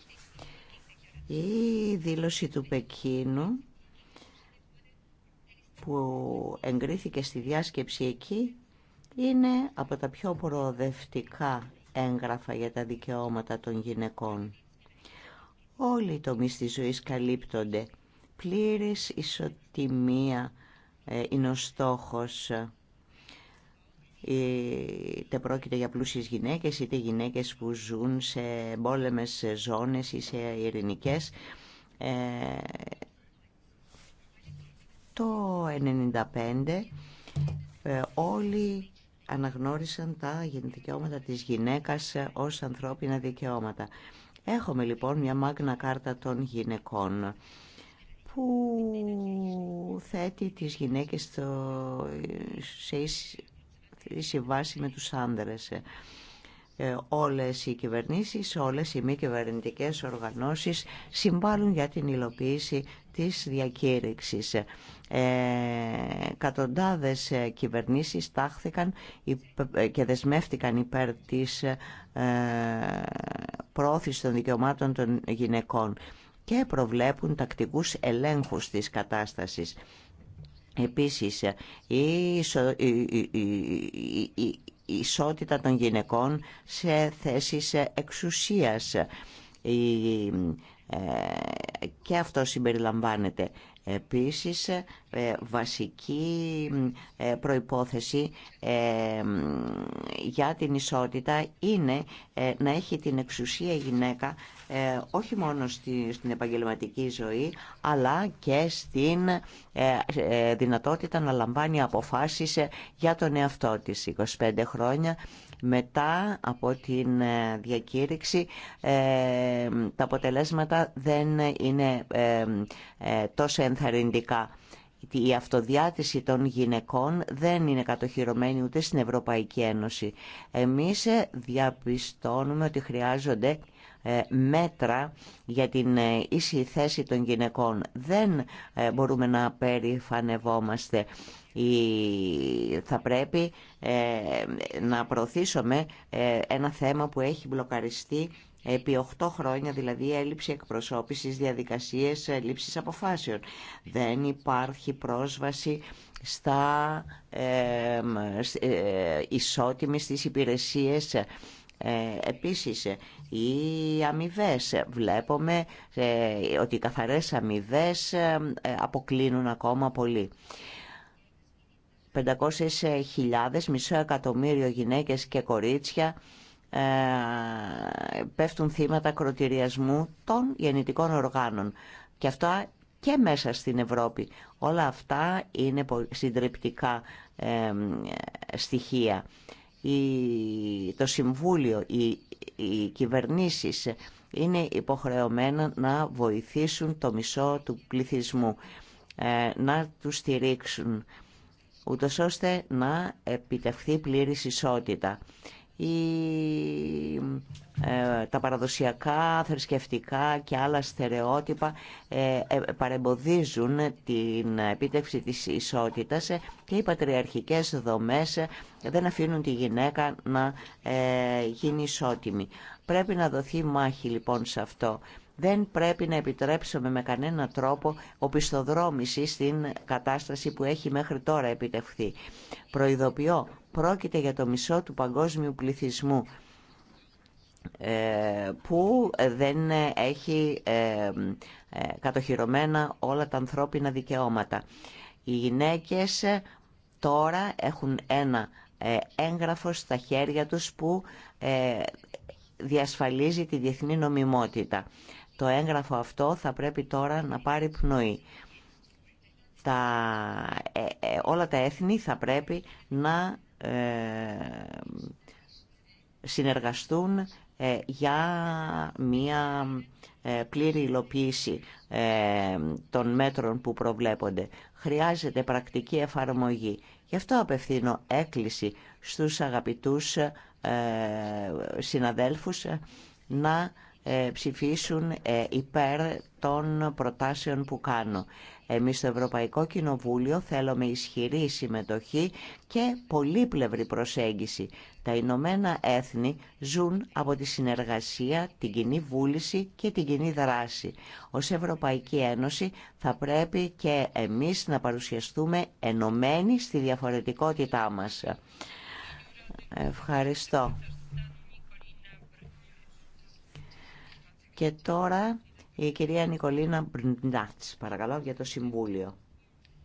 Η δήλωση του Πεκίνου που εγκρίθηκε στη διάσκεψη εκεί είναι από τα πιο προοδευτικά έγγραφα για τα δικαιώματα των γυναικών. Όλοι οι τομείς της ζωής καλύπτονται. Πλήρης ισοτιμία ε, είναι ο στόχος. Ε, είτε πρόκειται για πλούσιες γυναίκες, είτε γυναίκες που ζουν σε μπόλεμες ζώνες ή σε ειρηνικές. Ε, το 1995 όλοι αναγνώρισαν τα δικαιώματα της γυναίκας ως ανθρώπινα δικαιώματα. Έχουμε λοιπόν μια μάγνα κάρτα των γυναικών που θέτει τις γυναίκες στο, σε ίση με τους άνδρες. Ε, όλες οι κυβερνήσεις, όλες οι μη κυβερνητικέ οργανώσεις συμβάλλουν για την υλοποίηση της διακήρυξης. Ε, ε κυβερνήσεις τάχθηκαν ε, και δεσμεύτηκαν υπέρ της ε, των δικαιωμάτων των γυναικών και προβλέπουν τακτικούς ελέγχους της κατάστασης. Επίσης, η, ισότητα των γυναικών σε θέσεις ε, εξουσίας, η ε, και αυτό συμπεριλαμβάνεται. Επίσης, ε, βασική ε, προϋπόθεση για την ισότητα είναι να έχει την εξουσία η γυναίκα όχι μόνο στην επαγγελματική ζωή, αλλά και στην δυνατότητα να λαμβάνει αποφάσεις για τον εαυτό της. 25 χρόνια μετά από την ε, διακήρυξη ε, τα αποτελέσματα δεν είναι ε, τόσο ενθαρρυντικά. Η αυτοδιάτηση των γυναικών δεν είναι κατοχυρωμένη ούτε στην Ευρωπαϊκή Ένωση. Εμείς διαπιστώνουμε ότι χρειάζονται ε, μέτρα για την ε, ίση θέση των γυναικών. Δεν ε, μπορούμε να περηφανευόμαστε θα πρέπει να προωθήσουμε ένα θέμα που έχει μπλοκαριστεί επί 8 χρόνια, δηλαδή έλλειψη εκπροσώπησης, διαδικασίες λήψης αποφάσεων. Δεν υπάρχει πρόσβαση στα ε, ε, ισότιμες στις υπηρεσίες ε, επίσης, οι αμοιβέ. Βλέπουμε ε, ότι οι καθαρές αμοιβέ ε, αποκλίνουν ακόμα πολύ. 500.000, μισό εκατομμύριο γυναίκες και κορίτσια πέφτουν θύματα κροτηριασμού των γεννητικών οργάνων. Και αυτά και μέσα στην Ευρώπη. Όλα αυτά είναι συντριπτικά στοιχεία το Συμβούλιο, οι, οι κυβερνήσεις είναι υποχρεωμένα να βοηθήσουν το μισό του πληθυσμού, ε, να του στηρίξουν, ούτως ώστε να επιτευχθεί πλήρης ισότητα. Ε, τα παραδοσιακά, θρησκευτικά και άλλα στερεότυπα ε, ε, παρεμποδίζουν την επίτευξη της ισότητας και οι πατριαρχικές δομές δεν αφήνουν τη γυναίκα να γίνει ισότιμη. Πρέπει να δοθεί μάχη λοιπόν σε αυτό. Δεν πρέπει να επιτρέψουμε με κανένα τρόπο οπισθοδρόμηση στην κατάσταση που έχει μέχρι τώρα επιτευχθεί. Προειδοποιώ, πρόκειται για το μισό του παγκόσμιου πληθυσμού ε, που δεν έχει ε, ε, κατοχυρωμένα όλα τα ανθρώπινα δικαιώματα. Οι γυναίκες τώρα έχουν ένα έγγραφο στα χέρια τους που διασφαλίζει τη διεθνή νομιμότητα. Το έγγραφο αυτό θα πρέπει τώρα να πάρει πνοή. Τα, ε, ε όλα τα έθνη θα πρέπει να ε, συνεργαστούν ε, για μία πλήρη υλοποίηση των μέτρων που προβλέπονται. Χρειάζεται πρακτική εφαρμογή. Γι' αυτό απευθύνω έκκληση στους αγαπητούς συναδέλφους να ε, ψηφίσουν ε, υπέρ των προτάσεων που κάνω. Εμείς στο Ευρωπαϊκό Κοινοβούλιο θέλουμε ισχυρή συμμετοχή και πολύπλευρη προσέγγιση. Τα Ηνωμένα Έθνη ζουν από τη συνεργασία, την κοινή βούληση και την κοινή δράση. Ως Ευρωπαϊκή Ένωση θα πρέπει και εμείς να παρουσιαστούμε ενωμένοι στη διαφορετικότητά μας. Ευχαριστώ. Και τώρα η κυρία Νικολίνα Μπρντάτς, παρακαλώ, για το Συμβούλιο.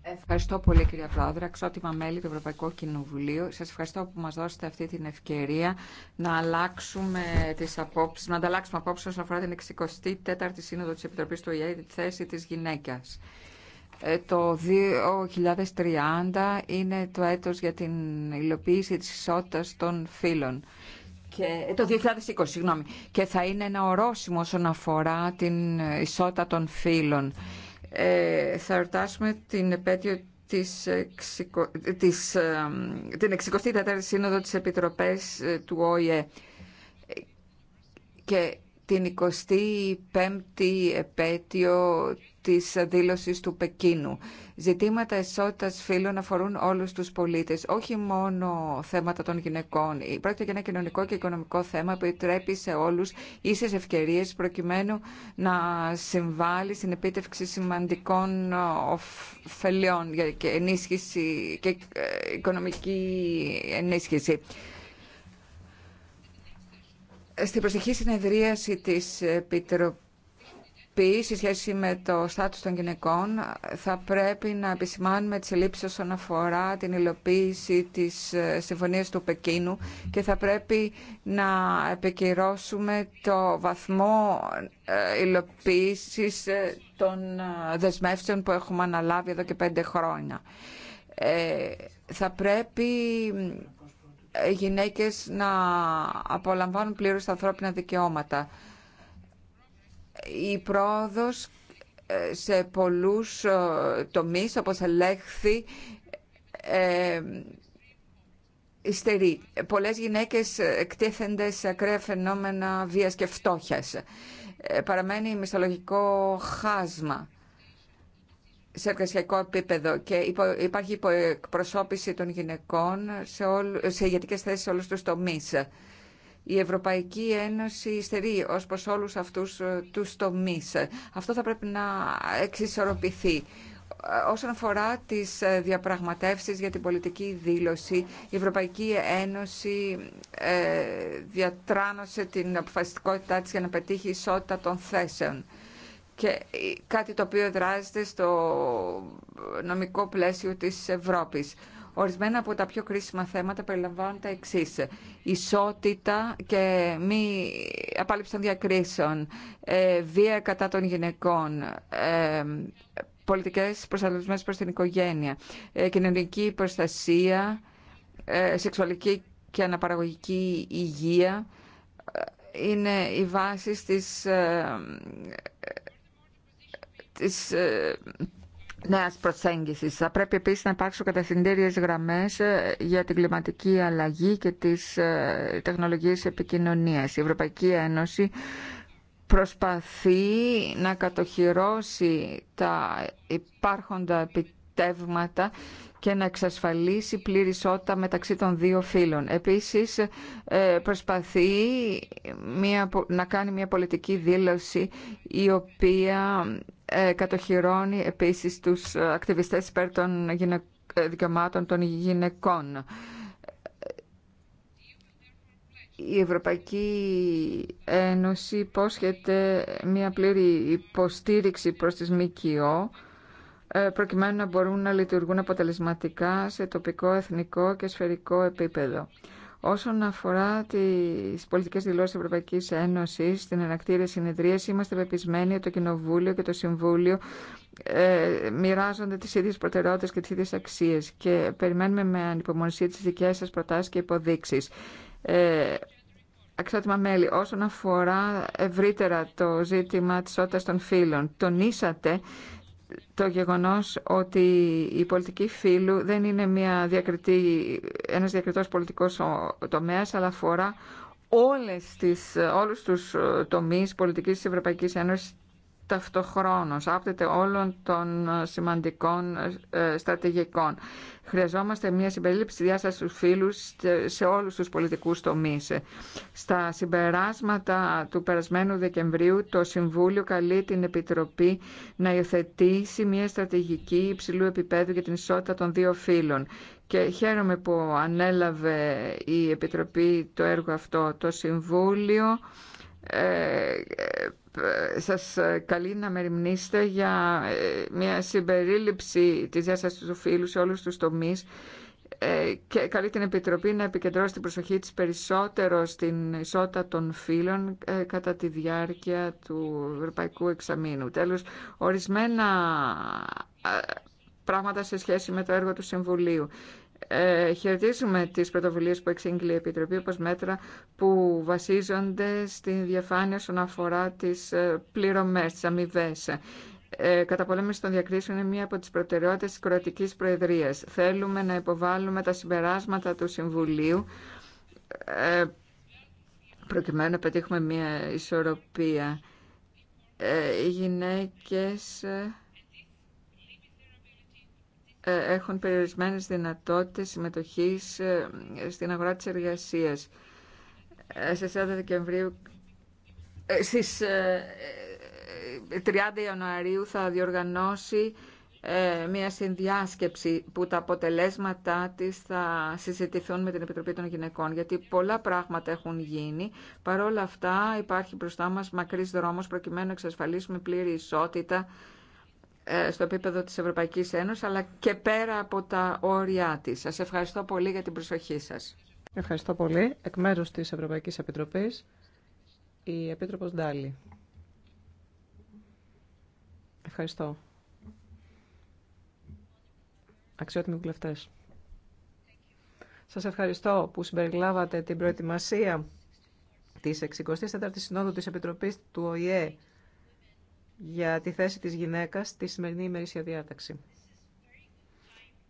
Ευχαριστώ πολύ κυρία Πρόεδρε, αξιότιμα μέλη του Ευρωπαϊκού Κοινοβουλίου. Σας ευχαριστώ που μας δώσετε αυτή την ευκαιρία να αλλάξουμε τις απόψεις, να ανταλλάξουμε απόψεις όσον αφορά την 64η Σύνοδο της Επιτροπής του ΙΕ, τη θέση της γυναίκας. Ε, το 2030 είναι το έτος για την υλοποίηση της ισότητας των φύλων και, ε, το 2020, συγγνώμη, και θα είναι ένα ορόσημο όσον αφορά την ισότητα των φύλων. Ε, θα εορτάσουμε την επέτειο της, της, ε, την 64η Σύνοδο της Επιτροπής ε, του ΟΗΕ και την 25η επέτειο της δήλωσης του Πεκίνου. Ζητήματα ισότητας φύλων αφορούν όλους τους πολίτες, όχι μόνο θέματα των γυναικών. Πρόκειται για ένα κοινωνικό και οικονομικό θέμα που επιτρέπει σε όλους ίσες ευκαιρίες προκειμένου να συμβάλλει στην επίτευξη σημαντικών ωφελιών και, ενίσχυση, και ε, οικονομική ενίσχυση. Στην προσεχή συνεδρίαση της Επιτροπής πει σε σχέση με το στάτους των γυναικών θα πρέπει να επισημάνουμε τις ελλείψεις όσον αφορά την υλοποίηση της ε, συμφωνίας του Πεκίνου και θα πρέπει να επικυρώσουμε το βαθμό ε, υλοποίησης ε, των δεσμεύσεων που έχουμε αναλάβει εδώ και πέντε χρόνια. θα πρέπει οι γυναίκες να απολαμβάνουν πλήρως τα ανθρώπινα δικαιώματα η πρόοδος ε, σε πολλούς ε, τομείς, όπως ελέγχθη, ε, στερεί. Πολλές γυναίκες εκτίθενται σε ακραία φαινόμενα βίας και φτώχειας. Ε, παραμένει μισθολογικό χάσμα σε εργασιακό επίπεδο και υπάρχει υποεκπροσώπηση των γυναικών σε, σε ηγετικές θέσεις σε όλους τους τομείς η Ευρωπαϊκή Ένωση στερεί ως προς όλους αυτούς ε, τους τομείς. Αυτό θα πρέπει να εξισορροπηθεί. Ε, όσον αφορά τις ε, διαπραγματεύσεις για την πολιτική δήλωση, η Ευρωπαϊκή Ένωση διατράνωσε την αποφασιστικότητά της για να πετύχει ισότητα των θέσεων και κάτι το οποίο δράζεται στο νομικό πλαίσιο της Ευρώπης. Ορισμένα από τα πιο κρίσιμα θέματα περιλαμβάνουν τα εξή. Ισότητα και μη απάλληψη των διακρίσεων, ε, βία κατά των γυναικών, ε, πολιτικές προσαρμοσμένε προς την οικογένεια, ε, κοινωνική προστασία, σεξουαλική και αναπαραγωγική υγεία είναι η βάση της, της νέα προσέγγιση. Θα πρέπει επίση να υπάρξουν κατευθυντήριε γραμμέ ε, για την κλιματική αλλαγή και τι ε, τεχνολογίε επικοινωνία. Η Ευρωπαϊκή Ένωση προσπαθεί να κατοχυρώσει τα υπάρχοντα επιτεύγματα και να εξασφαλίσει πλήρη ισότητα μεταξύ των δύο φύλων. Επίσης ε, προσπαθεί μια, να κάνει μια πολιτική δήλωση η οποία ε, κατοχυρώνει επίσης τους ακτιβιστές υπέρ των ε, δικαιωμάτων των γυναικών. Η Ευρωπαϊκή Ένωση υπόσχεται μια πλήρη υποστήριξη προς τις ΜΚΟ ε, προκειμένου να μπορούν να λειτουργούν αποτελεσματικά σε τοπικό, εθνικό και σφαιρικό επίπεδο. Όσον αφορά τι πολιτικέ δηλώσει τη Ευρωπαϊκή Ένωση στην ανακτήρια συνεδρία, είμαστε πεπισμένοι ότι το Κοινοβούλιο και το Συμβούλιο ε, μοιράζονται τι ίδιε προτεραιότητε και τι ίδιε αξίε. και περιμένουμε με ανυπομονησία τι δικέ σα προτάσει και υποδείξει. Ε, Αξιότιμα μέλη, όσον αφορά ευρύτερα το ζήτημα της ότητας των φύλων, τονίσατε το γεγονός ότι η πολιτική φύλου δεν είναι μια διακριτή, ένας διακριτός πολιτικός τομέας, αλλά αφορά όλες τις, όλους τους ε, τομείς πολιτικής της Ευρωπαϊκής Ένωσης ταυτοχρόνως, άπτεται όλων των σημαντικών ε, στρατηγικών. Χρειαζόμαστε μια συμπερίληψη διάσταση στους φίλους σε όλους τους πολιτικούς τομείς. Στα συμπεράσματα του περασμένου Δεκεμβρίου, το Συμβούλιο καλεί την Επιτροπή να υιοθετήσει μια στρατηγική υψηλού επίπεδου για την ισότητα των δύο φίλων Και χαίρομαι που ανέλαβε η Επιτροπή το έργο αυτό. Το Συμβούλιο ε, ε, ε, σας καλεί να μεριμνήσετε για ε, μια συμπερίληψη της διάστασης του φίλου σε όλους τους τομείς ε, και καλεί την Επιτροπή να επικεντρώσει την προσοχή της περισσότερο στην ισότητα των φύλων κατά τη διάρκεια του Ευρωπαϊκού Εξαμήνου. Τέλος, ορισμένα πράγματα σε σχέση με το έργο του Συμβουλίου ε, χαιρετίζουμε τις πρωτοβουλίες που εξήγηλε η Επιτροπή όπως μέτρα που βασίζονται στην διαφάνεια όσον αφορά τις ε, πληρωμές, τις αμοιβέ. Ε, καταπολέμηση των διακρίσεων είναι μία από τις προτεραιότητες της Κροατικής Προεδρίας. Θέλουμε να υποβάλουμε τα συμπεράσματα του Συμβουλίου ε, προκειμένου να πετύχουμε μία ισορροπία. Ε, οι γυναίκες... Ε, έχουν περιορισμένες δυνατότητες συμμετοχής ε, στην αγορά της εργασίας. Ε, στις 4 Δεκεμβρίου, στις 30 Ιανουαρίου θα διοργανώσει μια συνδιάσκεψη που τα αποτελέσματά της θα συζητηθούν με την Επιτροπή των Γυναικών γιατί πολλά πράγματα έχουν γίνει παρόλα αυτά υπάρχει μπροστά μας μακρύς δρόμος προκειμένου να εξασφαλίσουμε πλήρη ισότητα ε, στο επίπεδο της Ευρωπαϊκής Ένωσης, αλλά και πέρα από τα όρια της. Σας ευχαριστώ πολύ για την προσοχή σας. Ευχαριστώ πολύ. Εκ μέρους της Ευρωπαϊκής Επιτροπής, η Επίτροπος Ντάλη. Ευχαριστώ. Αξιότιμοι βουλευτέ. Σας ευχαριστώ που συμπεριλάβατε την προετοιμασία της 64ης Συνόδου της Επιτροπής του ΟΗΕ για τη θέση της γυναίκας στη σημερινή ημερήσια διάταξη.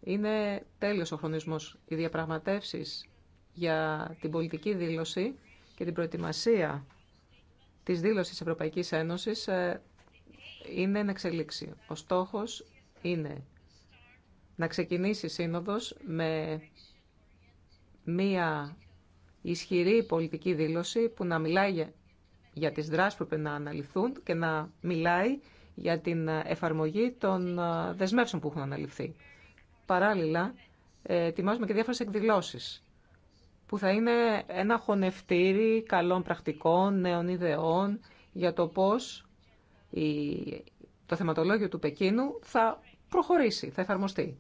Είναι τέλειος ο χρονισμός. Οι διαπραγματεύσεις για την πολιτική δήλωση και την προετοιμασία της δήλωσης της Ευρωπαϊκής Ένωσης ε, είναι εν εξελίξη. Ο στόχος είναι να ξεκινήσει η σύνοδος με μία ισχυρή πολιτική δήλωση που να μιλάει για τις δράσεις που πρέπει να αναλυθούν και να μιλάει για την εφαρμογή των ε, δεσμεύσεων που έχουν αναλυθεί. Παράλληλα, ε, ετοιμάζουμε και διάφορες εκδηλώσεις που θα είναι ένα χωνευτήρι καλών πρακτικών, νέων ιδεών για το πώς το θεματολόγιο του Πεκίνου θα προχωρήσει, θα εφαρμοστεί.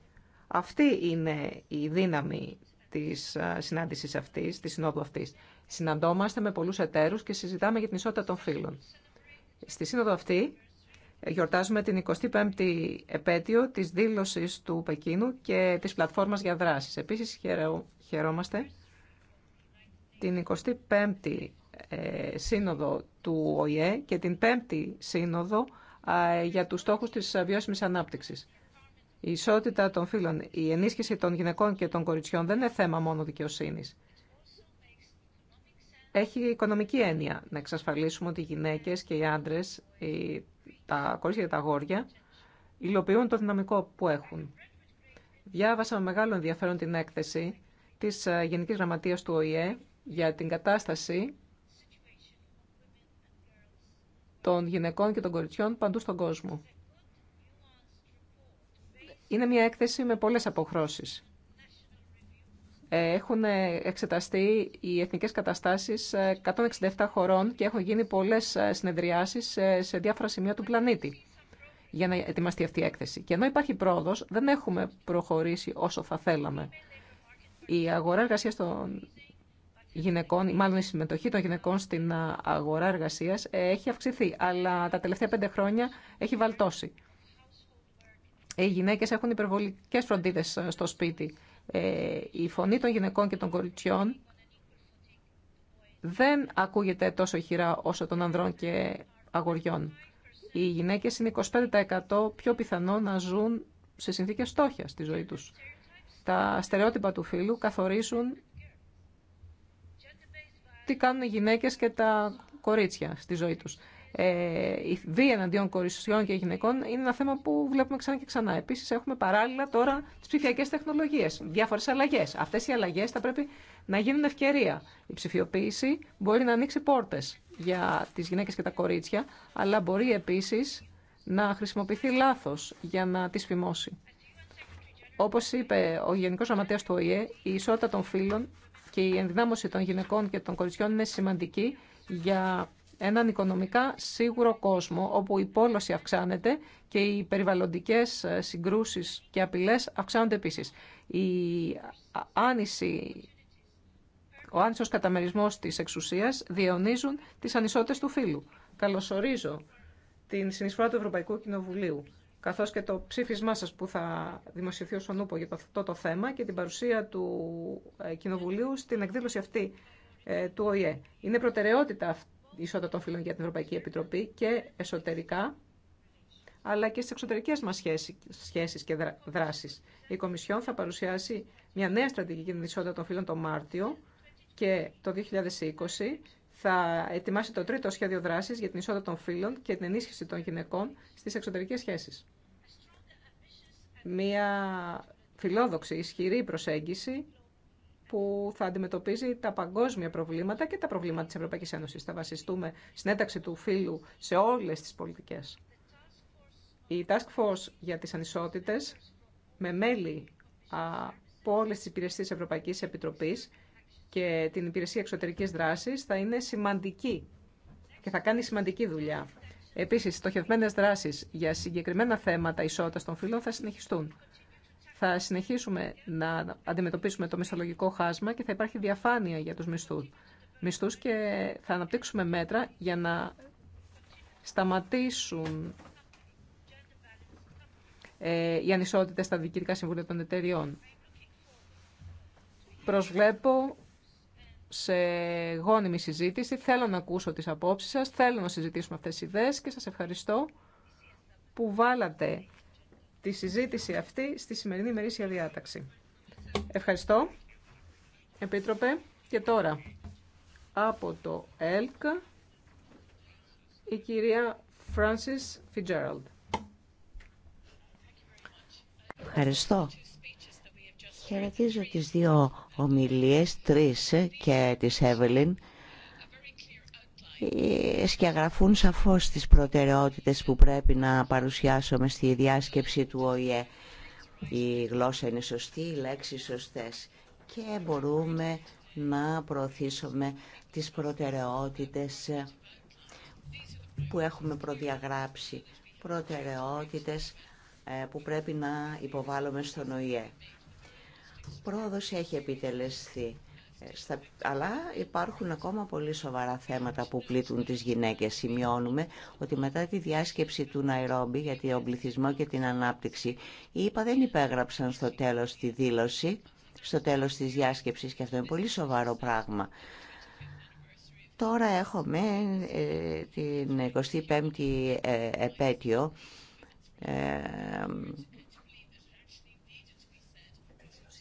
Αυτή είναι η δύναμη Τη συνάντηση αυτή, τη συνόδου αυτή. Συναντόμαστε με πολλούς εταίρους και συζητάμε για την ισότητα των φύλων. Στη σύνοδο αυτή γιορτάζουμε την 25η επέτειο της δήλωσης του Πεκίνου και της πλατφόρμας για δράσεις. Επίσης χαιρόμαστε την 25η ε, σύνοδο του ΟΗΕ και την 5η σύνοδο για τους στόχους της ε, βιώσιμης ανάπτυξης. Η ισότητα των φίλων, η ενίσχυση των γυναικών και των κοριτσιών δεν είναι θέμα μόνο δικαιοσύνη. Έχει οικονομική έννοια να εξασφαλίσουμε ότι οι γυναίκες και οι άντρε, τα κορίτσια και τα αγόρια, υλοποιούν το δυναμικό που έχουν. Διάβασα με μεγάλο ενδιαφέρον την έκθεση της ε, Γενικής Γραμματείας του ΟΗΕ για την κατάσταση των γυναικών και των κοριτσιών παντού στον κόσμο. Είναι μια έκθεση με πολλές αποχρώσεις. Ε, έχουν ε, εξεταστεί οι εθνικές καταστάσεις 167 ε, χωρών και έχουν γίνει πολλές συνεδριάσεις σε διάφορα σημεία του πλανήτη για να ετοιμαστεί αυτή η έκθεση. Και ενώ υπάρχει πρόοδος, δεν έχουμε προχωρήσει όσο θα θέλαμε. Η αγορά εργασίας των γυναικών, μάλλον η συμμετοχή των γυναικών στην αγορά εργασίας έχει αυξηθεί, αλλά τα τελευταία πέντε χρόνια έχει βαλτώσει οι γυναίκε έχουν υπερβολικέ φροντίδε ε, στο σπίτι. Ε, η φωνή των γυναικών και των κοριτσιών δεν ακούγεται τόσο χειρά όσο των ανδρών και αγοριών. Οι γυναίκες είναι 25% πιο πιθανό να ζουν σε συνθήκες στόχια στη ζωή τους. Τα στερεότυπα του φίλου καθορίζουν τι κάνουν οι γυναίκες και τα κορίτσια στη ζωή τους. Ε, η βία εναντίον κορισιών και γυναικών είναι ένα θέμα που βλέπουμε ξανά και ξανά. Επίση, έχουμε παράλληλα τώρα τι ψηφιακέ τεχνολογίε, διάφορε αλλαγέ. Αυτέ οι αλλαγέ θα πρέπει να γίνουν ευκαιρία. Η ψηφιοποίηση μπορεί να ανοίξει πόρτε για τι γυναίκε και τα κορίτσια, αλλά μπορεί επίση να χρησιμοποιηθεί λάθο για να τι φημώσει. Όπω είπε ο Γενικό Γραμματέα του ΟΗΕ, η ισότητα των φύλων και η ενδυνάμωση των γυναικών και των κοριτσιών είναι σημαντική για έναν οικονομικά σίγουρο κόσμο όπου η πόλωση αυξάνεται και οι περιβαλλοντικές ε, συγκρούσεις και απειλές αυξάνονται επίσης. Η ο άνισος καταμερισμός της εξουσίας διαιωνίζουν τις ανισότητες του φύλου. Καλωσορίζω την συνεισφορά του Ευρωπαϊκού Κοινοβουλίου καθώς και το ψήφισμά σας που θα δημοσιευθεί ως Νούπο για αυτό το θέμα και την παρουσία του ε, Κοινοβουλίου στην εκδήλωση αυτή ε, του ΟΗΕ. Είναι προτεραιότητα αυτή ισότητα των φύλων για την Ευρωπαϊκή Επιτροπή και εσωτερικά, αλλά και στις εξωτερικές μας σχέσεις και δράσεις. Η Κομισιόν θα παρουσιάσει μια νέα στρατηγική για την ισότητα των φύλων τον Μάρτιο και το 2020 θα ετοιμάσει το τρίτο σχέδιο δράσης για την ισότητα των φύλων και την ενίσχυση των γυναικών στις εξωτερικές σχέσεις. Μια φιλόδοξη, ισχυρή προσέγγιση που θα αντιμετωπίζει τα παγκόσμια προβλήματα και τα προβλήματα της Ευρωπαϊκής Ένωσης. Θα βασιστούμε στην ένταξη του φύλου σε όλες τις πολιτικές. Η Task Force για τις ανισότητες με μέλη από όλες τις υπηρεσίες Ευρωπαϊκής Επιτροπής και την Υπηρεσία Εξωτερικής Δράσης θα είναι σημαντική και θα κάνει σημαντική δουλειά. Επίσης, στοχευμένες δράσεις για συγκεκριμένα θέματα ισότητας των φύλων θα συνεχιστούν. Θα συνεχίσουμε να αντιμετωπίσουμε το μισθολογικό χάσμα και θα υπάρχει διαφάνεια για τους μισθούς. Μισθούς και θα αναπτύξουμε μέτρα για να σταματήσουν ε, οι ανισότητες στα διοικητικά συμβούλια των εταιριών. Προσβλέπω σε γόνιμη συζήτηση. Θέλω να ακούσω τις απόψεις σας, θέλω να συζητήσουμε αυτές τις ιδέες και σας ευχαριστώ που βάλατε τη συζήτηση αυτή στη σημερινή μερίσια διάταξη. Ευχαριστώ. Επίτροπε, και τώρα από το ΕΛΚ η κυρία Francis Fitzgerald. Ευχαριστώ. Χαιρετίζω τις δύο ομιλίες, τρεις ε, και της Εύελιν σκιαγραφούν σαφώς τις προτεραιότητες που πρέπει να παρουσιάσουμε στη διάσκεψη του ΟΗΕ. Η γλώσσα είναι σωστή, οι λέξεις σωστές και μπορούμε να προωθήσουμε τις προτεραιότητες που έχουμε προδιαγράψει, προτεραιότητες ε, που πρέπει να υποβάλλουμε στον ΟΗΕ. Πρόοδος έχει επιτελεστεί αλλά υπάρχουν ακόμα πολύ σοβαρά θέματα που πλήττουν τις γυναίκες. Σημειώνουμε ότι μετά τη διάσκεψη του Ναϊρόμπι για τον πληθυσμό και την ανάπτυξη, οι δεν υπέγραψαν στο τέλος τη δήλωση, στο τέλος της διάσκεψης και αυτό είναι πολύ σοβαρό πράγμα. Τώρα έχουμε ε, την 25η ε, επέτειο ε,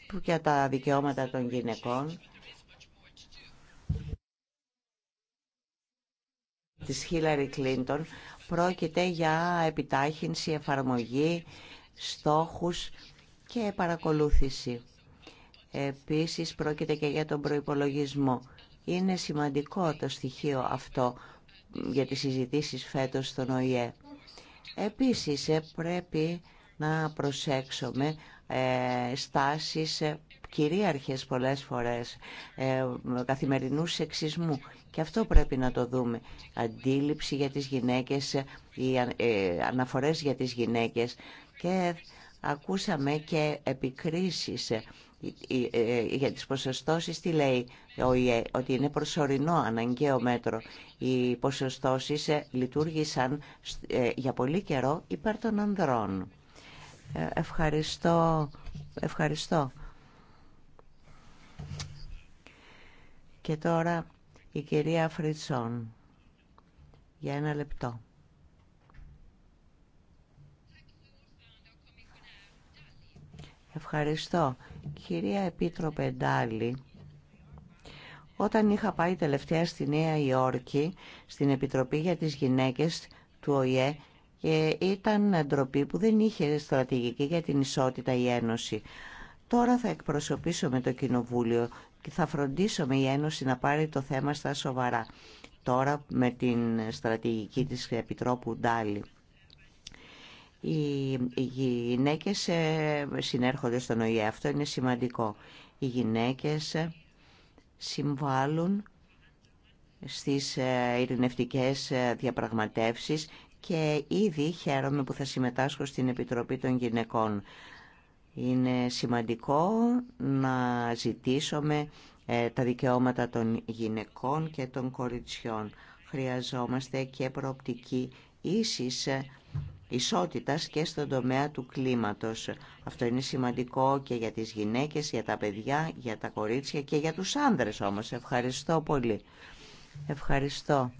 που για τα δικαιώματα των γυναικών της Χίλαρη Κλίντον πρόκειται για επιτάχυνση, εφαρμογή, στόχους και παρακολούθηση. Επίσης πρόκειται και για τον προϋπολογισμό. Είναι σημαντικό το στοιχείο αυτό για τις συζητήσεις φέτος στον ΟΗΕ. Επίσης ε, πρέπει να προσέξουμε ε, στάσεις ε, κυρίαρχες πολλές φορές, καθημερινού σεξισμού και αυτό πρέπει να το δούμε. Αντίληψη για τις γυναίκες, οι ε, αναφορές για τις γυναίκες και ακούσαμε και επικρίσεις ε, ε, για τις ποσοστώσεις τι λέει ο ΙΕ, ότι είναι προσωρινό αναγκαίο μέτρο. Οι ποσοστώσεις λειτουργήσαν για πολύ καιρό υπέρ των ανδρών. Ευχαριστώ. Ευχαριστώ. Και τώρα η κυρία Φριτσόν. Για ένα λεπτό. Ευχαριστώ. Κυρία Επίτροπε όταν είχα πάει τελευταία στη Νέα Υόρκη, στην Επιτροπή για τις Γυναίκες του ΟΗΕ, και ε, ήταν ντροπή που δεν είχε στρατηγική για την ισότητα η Ένωση. Τώρα θα εκπροσωπήσω με το Κοινοβούλιο και θα φροντίσουμε η Ένωση να πάρει το θέμα στα σοβαρά τώρα με την στρατηγική της Επιτρόπου Ντάλι. Οι γυναίκες ε, συνέρχονται στον ΟΗΕ, αυτό είναι σημαντικό. Οι γυναίκες ε, συμβάλλουν στις ε, ειρηνευτικές διαπραγματεύσεις και ήδη χαίρομαι που θα συμμετάσχω στην Επιτροπή των Γυναικών. Είναι σημαντικό να ζητήσουμε ε, τα δικαιώματα των γυναικών και των κοριτσιών. Χρειαζόμαστε και προοπτική ίσης ε, ισότητας και στον τομέα του κλίματος. Αυτό είναι σημαντικό και για τις γυναίκες, για τα παιδιά, για τα κορίτσια και για τους άνδρες όμως. Ευχαριστώ πολύ. Ευχαριστώ.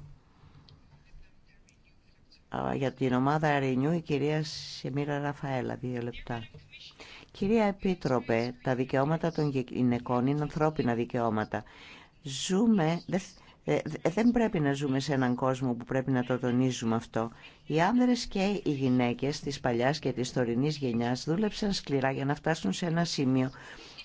Ε, για την ομάδα Αρινιού, η κυρία Σεμίρα Ραφαέλα, δύο λεπτά. Κυρία Επίτροπε, τα δικαιώματα των γυναικών είναι ανθρώπινα δικαιώματα. Ζούμε, ε, δεν πρέπει να ζούμε σε έναν κόσμο που πρέπει να το τονίζουμε αυτό. Οι άνδρες και οι γυναίκες της παλιάς και της τωρινής γενιάς δούλεψαν σκληρά για να φτάσουν σε ένα σημείο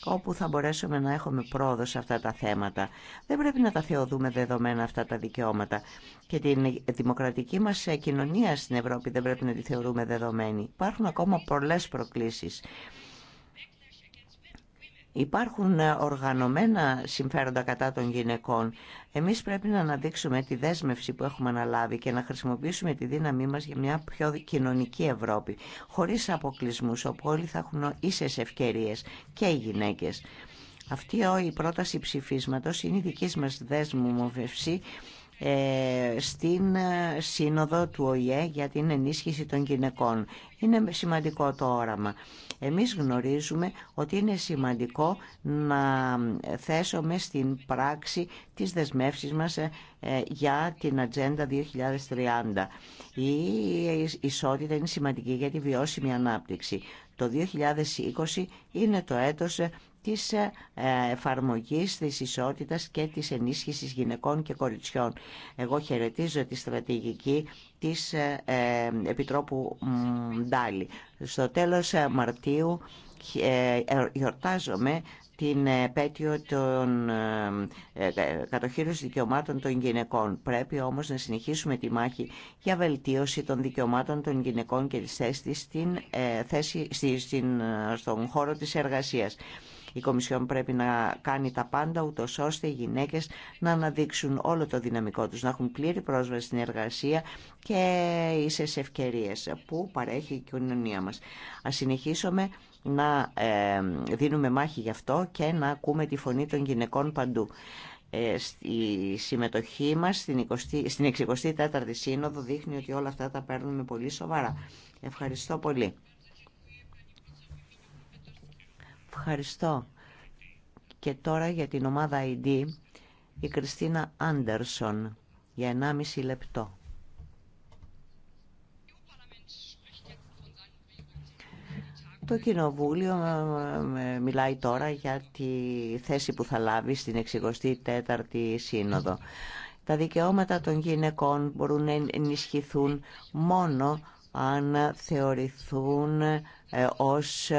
όπου θα μπορέσουμε να έχουμε πρόοδο σε αυτά τα θέματα. Δεν πρέπει να τα θεωρούμε δεδομένα αυτά τα δικαιώματα. Και την δημοκρατική μας κοινωνία στην Ευρώπη δεν πρέπει να τη θεωρούμε δεδομένη. Υπάρχουν ακόμα πολλές προκλήσεις. Υπάρχουν ε, οργανωμένα συμφέροντα κατά των γυναικών. Εμείς πρέπει να αναδείξουμε τη δέσμευση που έχουμε αναλάβει και να χρησιμοποιήσουμε τη δύναμή μας για μια πιο κοινωνική Ευρώπη, χωρίς αποκλεισμούς, όπου όλοι θα έχουν ίσες ευκαιρίες και οι γυναίκες. Αυτή η πρόταση ψηφίσματος είναι η δική μας δέσμευση ε, στην ε, σύνοδο του ΟΗΕ για την ενίσχυση των γυναικών. Είναι σημαντικό το όραμα. Εμείς γνωρίζουμε ότι είναι σημαντικό να θέσουμε στην πράξη τις δεσμεύσεις μας ε, για την Ατζέντα 2030. Η ισότητα είναι σημαντική για τη βιώσιμη ανάπτυξη. Το 2020 είναι το έτος της ε, εφαρμογής της ισότητας και της ενίσχυσης γυναικών και κοριτσιών. Εγώ χαιρετίζω τη στρατηγική της ε, ε, Επιτρόπου Ντάλη. Στο τέλος Μαρτίου γιορτάζομαι την επέτειο των κατοχήρωση δικαιωμάτων των γυναικών. Πρέπει όμως να συνεχίσουμε τη μάχη για βελτίωση των δικαιωμάτων των γυναικών και της θέσης, στην, θέση, στον χώρο της εργασίας. Η Κομισιόν πρέπει να κάνει τα πάντα ούτω ώστε οι γυναίκε να αναδείξουν όλο το δυναμικό τους, να έχουν πλήρη πρόσβαση στην εργασία και ίσες ευκαιρίες που παρέχει η κοινωνία μας. Α συνεχίσουμε να ε, δίνουμε μάχη γι' αυτό και να ακούμε τη φωνή των γυναικών παντού ε, η συμμετοχή μας στην, 20, στην 64η Σύνοδο δείχνει ότι όλα αυτά τα παίρνουμε πολύ σοβαρά. Ευχαριστώ πολύ. Ευχαριστώ. Και τώρα για την ομάδα ID η Κριστίνα Άντερσον για 1,5 λεπτό. Το Κοινοβούλιο ε, ε, μιλάει τώρα για τη θέση που θα λάβει στην 64η Σύνοδο. Τα δικαιώματα των γυναικών μπορούν να ενισχυθούν μόνο αν θεωρηθούν ε, ως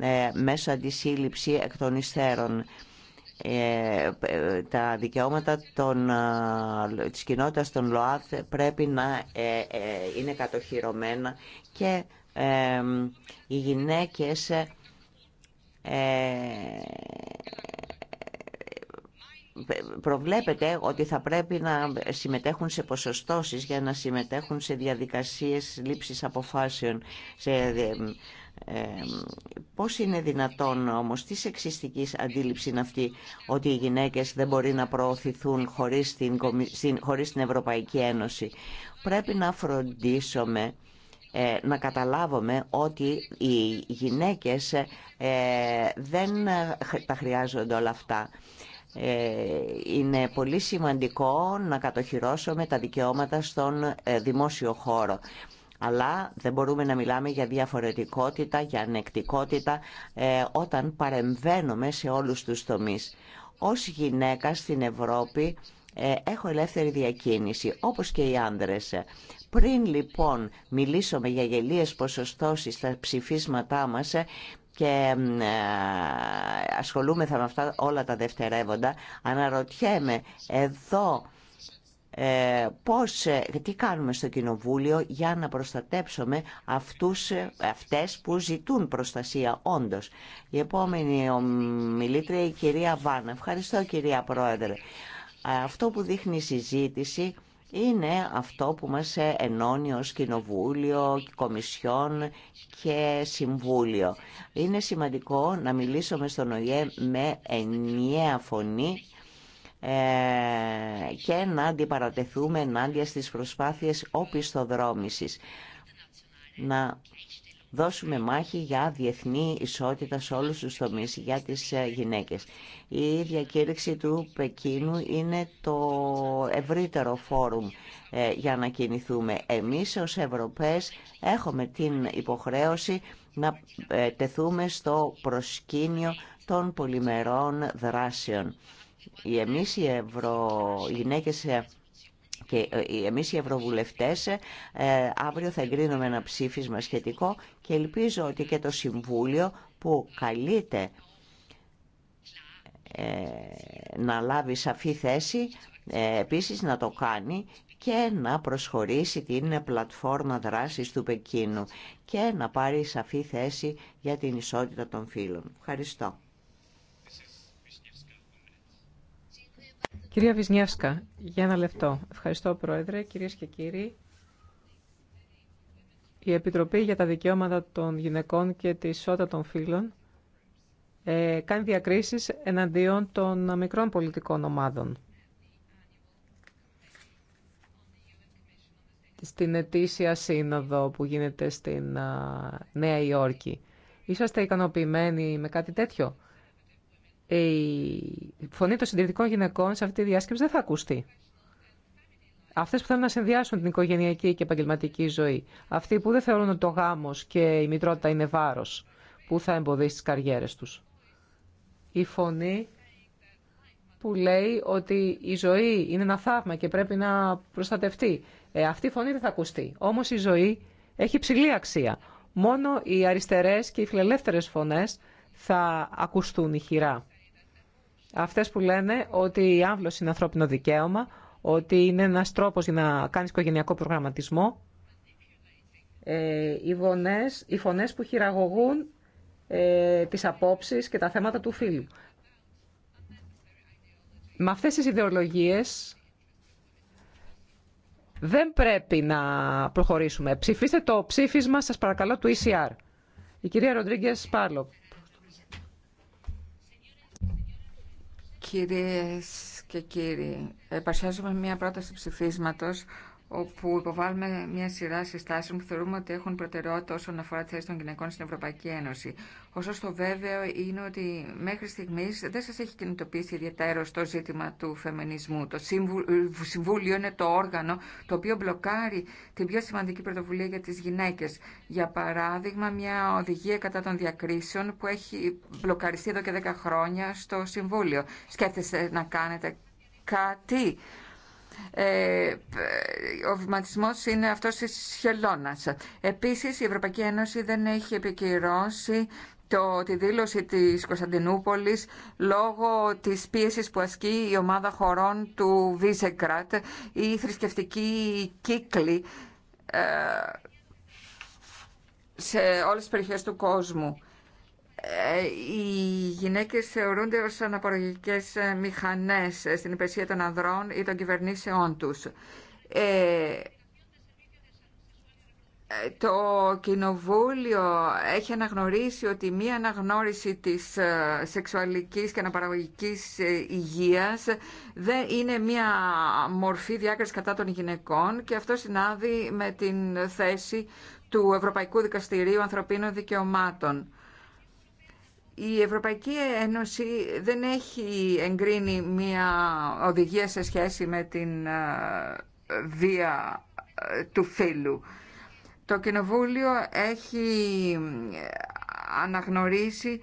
ε, μέσω τη εκ των υστέρων. Ε, ε, τα δικαιώματα των, της κοινότητας των ΛΟΑΔ πρέπει να είναι κατοχυρωμένα και οι γυναίκες προβλέπεται ότι θα πρέπει να συμμετέχουν σε ποσοστώσεις για να συμμετέχουν σε διαδικασίες λήψης αποφάσεων. Σε, ε, ε πώς είναι δυνατόν όμως, τι σεξιστική αντίληψη είναι αυτή ότι οι γυναίκες δεν μπορεί να προωθηθούν χωρίς την, χωρίς την Ευρωπαϊκή Ένωση. Πρέπει να φροντίσουμε ε, να καταλάβουμε ότι οι γυναίκες ε, δεν τα χρειάζονται όλα αυτά. Ε, είναι πολύ σημαντικό να κατοχυρώσουμε τα δικαιώματα στον ε, δημόσιο χώρο. Αλλά δεν μπορούμε να μιλάμε για διαφορετικότητα, για ανεκτικότητα ε, όταν παρεμβαίνουμε σε όλους τους τομείς. Ως γυναίκα στην Ευρώπη έχω ελεύθερη διακίνηση, όπως και οι άνδρες. Πριν λοιπόν μιλήσουμε για γελίες ποσοστώσεις στα ψηφίσματά μας, και ε, ασχολούμεθα με αυτά όλα τα δευτερεύοντα, αναρωτιέμαι εδώ ε, πώς, ε, τι κάνουμε στο Κοινοβούλιο για να προστατέψουμε αυτούς, ε, αυτές που ζητούν προστασία όντως. Η επόμενη ομιλήτρια η κυρία Βάνα. Ευχαριστώ κυρία Πρόεδρε. Αυτό που δείχνει η συζήτηση είναι αυτό που μας ενώνει ως Κοινοβούλιο, Κομισιόν και Συμβούλιο. Είναι σημαντικό να μιλήσουμε στον ΟΗΕ με ενιαία φωνή ε, και να αντιπαρατεθούμε ενάντια στις προσπάθειες οπισθοδρόμησης. Να δώσουμε μάχη για διεθνή ισότητα σε όλους τους τομείς για τις ε, γυναίκες. Η διακήρυξη του Πεκίνου είναι το ευρύτερο φόρουμ ε, για να κινηθούμε. Εμείς ως Ευρωπαίες έχουμε την υποχρέωση να ε, τεθούμε στο προσκήνιο των πολυμερών δράσεων. Εμείς οι, Ευρω... οι γυναίκες και ε, εμείς οι Ευρωβουλευτές ε, αύριο θα εγκρίνουμε ένα ψήφισμα σχετικό και ελπίζω ότι και το Συμβούλιο που καλείται ε, να λάβει σαφή θέση επίσης να το κάνει και να προσχωρήσει την πλατφόρμα δράσης του Πεκίνου και να πάρει σαφή θέση για την ισότητα των φίλων. Ευχαριστώ. Κυρία Βυσνιεύσκα, για ένα λεπτό. Ευχαριστώ, Πρόεδρε, κυρίες και κύριοι. Η Επιτροπή για τα Δικαιώματα των Γυναικών και τη σότα των Φύλων ε, κάνει διακρίσεις εναντίον των μικρών πολιτικών ομάδων. Στην ετήσια σύνοδο που γίνεται στην Νέα Υόρκη. Είσαστε ικανοποιημένοι με κάτι τέτοιο η φωνή των συντηρητικών γυναικών σε αυτή τη διάσκεψη δεν θα ακουστεί. Αυτέ που θέλουν να συνδυάσουν την οικογενειακή και επαγγελματική ζωή. Αυτοί που δεν θεωρούν ότι το γάμο και η μητρότητα είναι βάρο που θα εμποδίσει τι καριέρε του. Η φωνή που λέει ότι η ζωή είναι ένα θαύμα και πρέπει να προστατευτεί. Ε, αυτή η φωνή δεν θα ακουστεί. Όμω η ζωή έχει ψηλή αξία. Μόνο οι αριστερέ και οι φιλελεύθερε φωνέ θα ακουστούν η χειρά. Αυτές που λένε ότι η άμβλωση είναι ανθρώπινο δικαίωμα, ότι είναι ένας τρόπος για να κάνεις οικογενειακό προγραμματισμό. Ε, οι, φωνές, που χειραγωγούν ε, τις απόψεις και τα θέματα του φίλου. Με αυτές τις ιδεολογίες δεν πρέπει να προχωρήσουμε. Ψηφίστε το ψήφισμα, σας παρακαλώ, του ECR. Η κυρία Ροντρίγκε Πάρλο. Κυρίες και κύριοι, παρουσιάζουμε μια πρόταση ψηφίσματος όπου υποβάλλουμε μια σειρά συστάσεων που θεωρούμε ότι έχουν προτεραιότητα όσον αφορά τη θέση των γυναικών στην Ευρωπαϊκή Ένωση. Ωστόσο, στο βέβαιο είναι ότι μέχρι στιγμή δεν σα έχει κινητοποιήσει ιδιαίτερο στο ζήτημα του φεμινισμού. Το ε, Συμβούλιο είναι το όργανο το οποίο μπλοκάρει την πιο σημαντική πρωτοβουλία για τι γυναίκε. Για παράδειγμα, μια οδηγία κατά των διακρίσεων που έχει μπλοκαριστεί εδώ και 10 χρόνια στο Συμβούλιο. Σκέφτεστε να κάνετε κάτι ε, ο βηματισμό είναι αυτός τη χελώνα. Επίσης η Ευρωπαϊκή Ένωση δεν έχει επικυρώσει το, τη δήλωση της Κωνσταντινούπολης λόγω της πίεσης που ασκεί η ομάδα χωρών του Βίζεκρατ, η η θρησκευτική κύκλη ε, σε όλες τις περιοχές του κόσμου. Ε, οι γυναίκες θεωρούνται ως αναπαραγωγικές ε, μηχανές ε, στην υπηρεσία των ανδρών ή των κυβερνήσεών τους. το Κοινοβούλιο έχει αναγνωρίσει ότι μία αναγνώριση της σεξουαλικής και αναπαραγωγικής υγείας δεν είναι μία μορφή διάκρισης κατά των γυναικών και αυτό συνάδει με την θέση του Ευρωπαϊκού Δικαστηρίου Ανθρωπίνων Δικαιωμάτων η Ευρωπαϊκή Ένωση δεν έχει εγκρίνει μια οδηγία σε σχέση με την ε, βία ε, του φίλου. Το Κοινοβούλιο έχει ε, αναγνωρίσει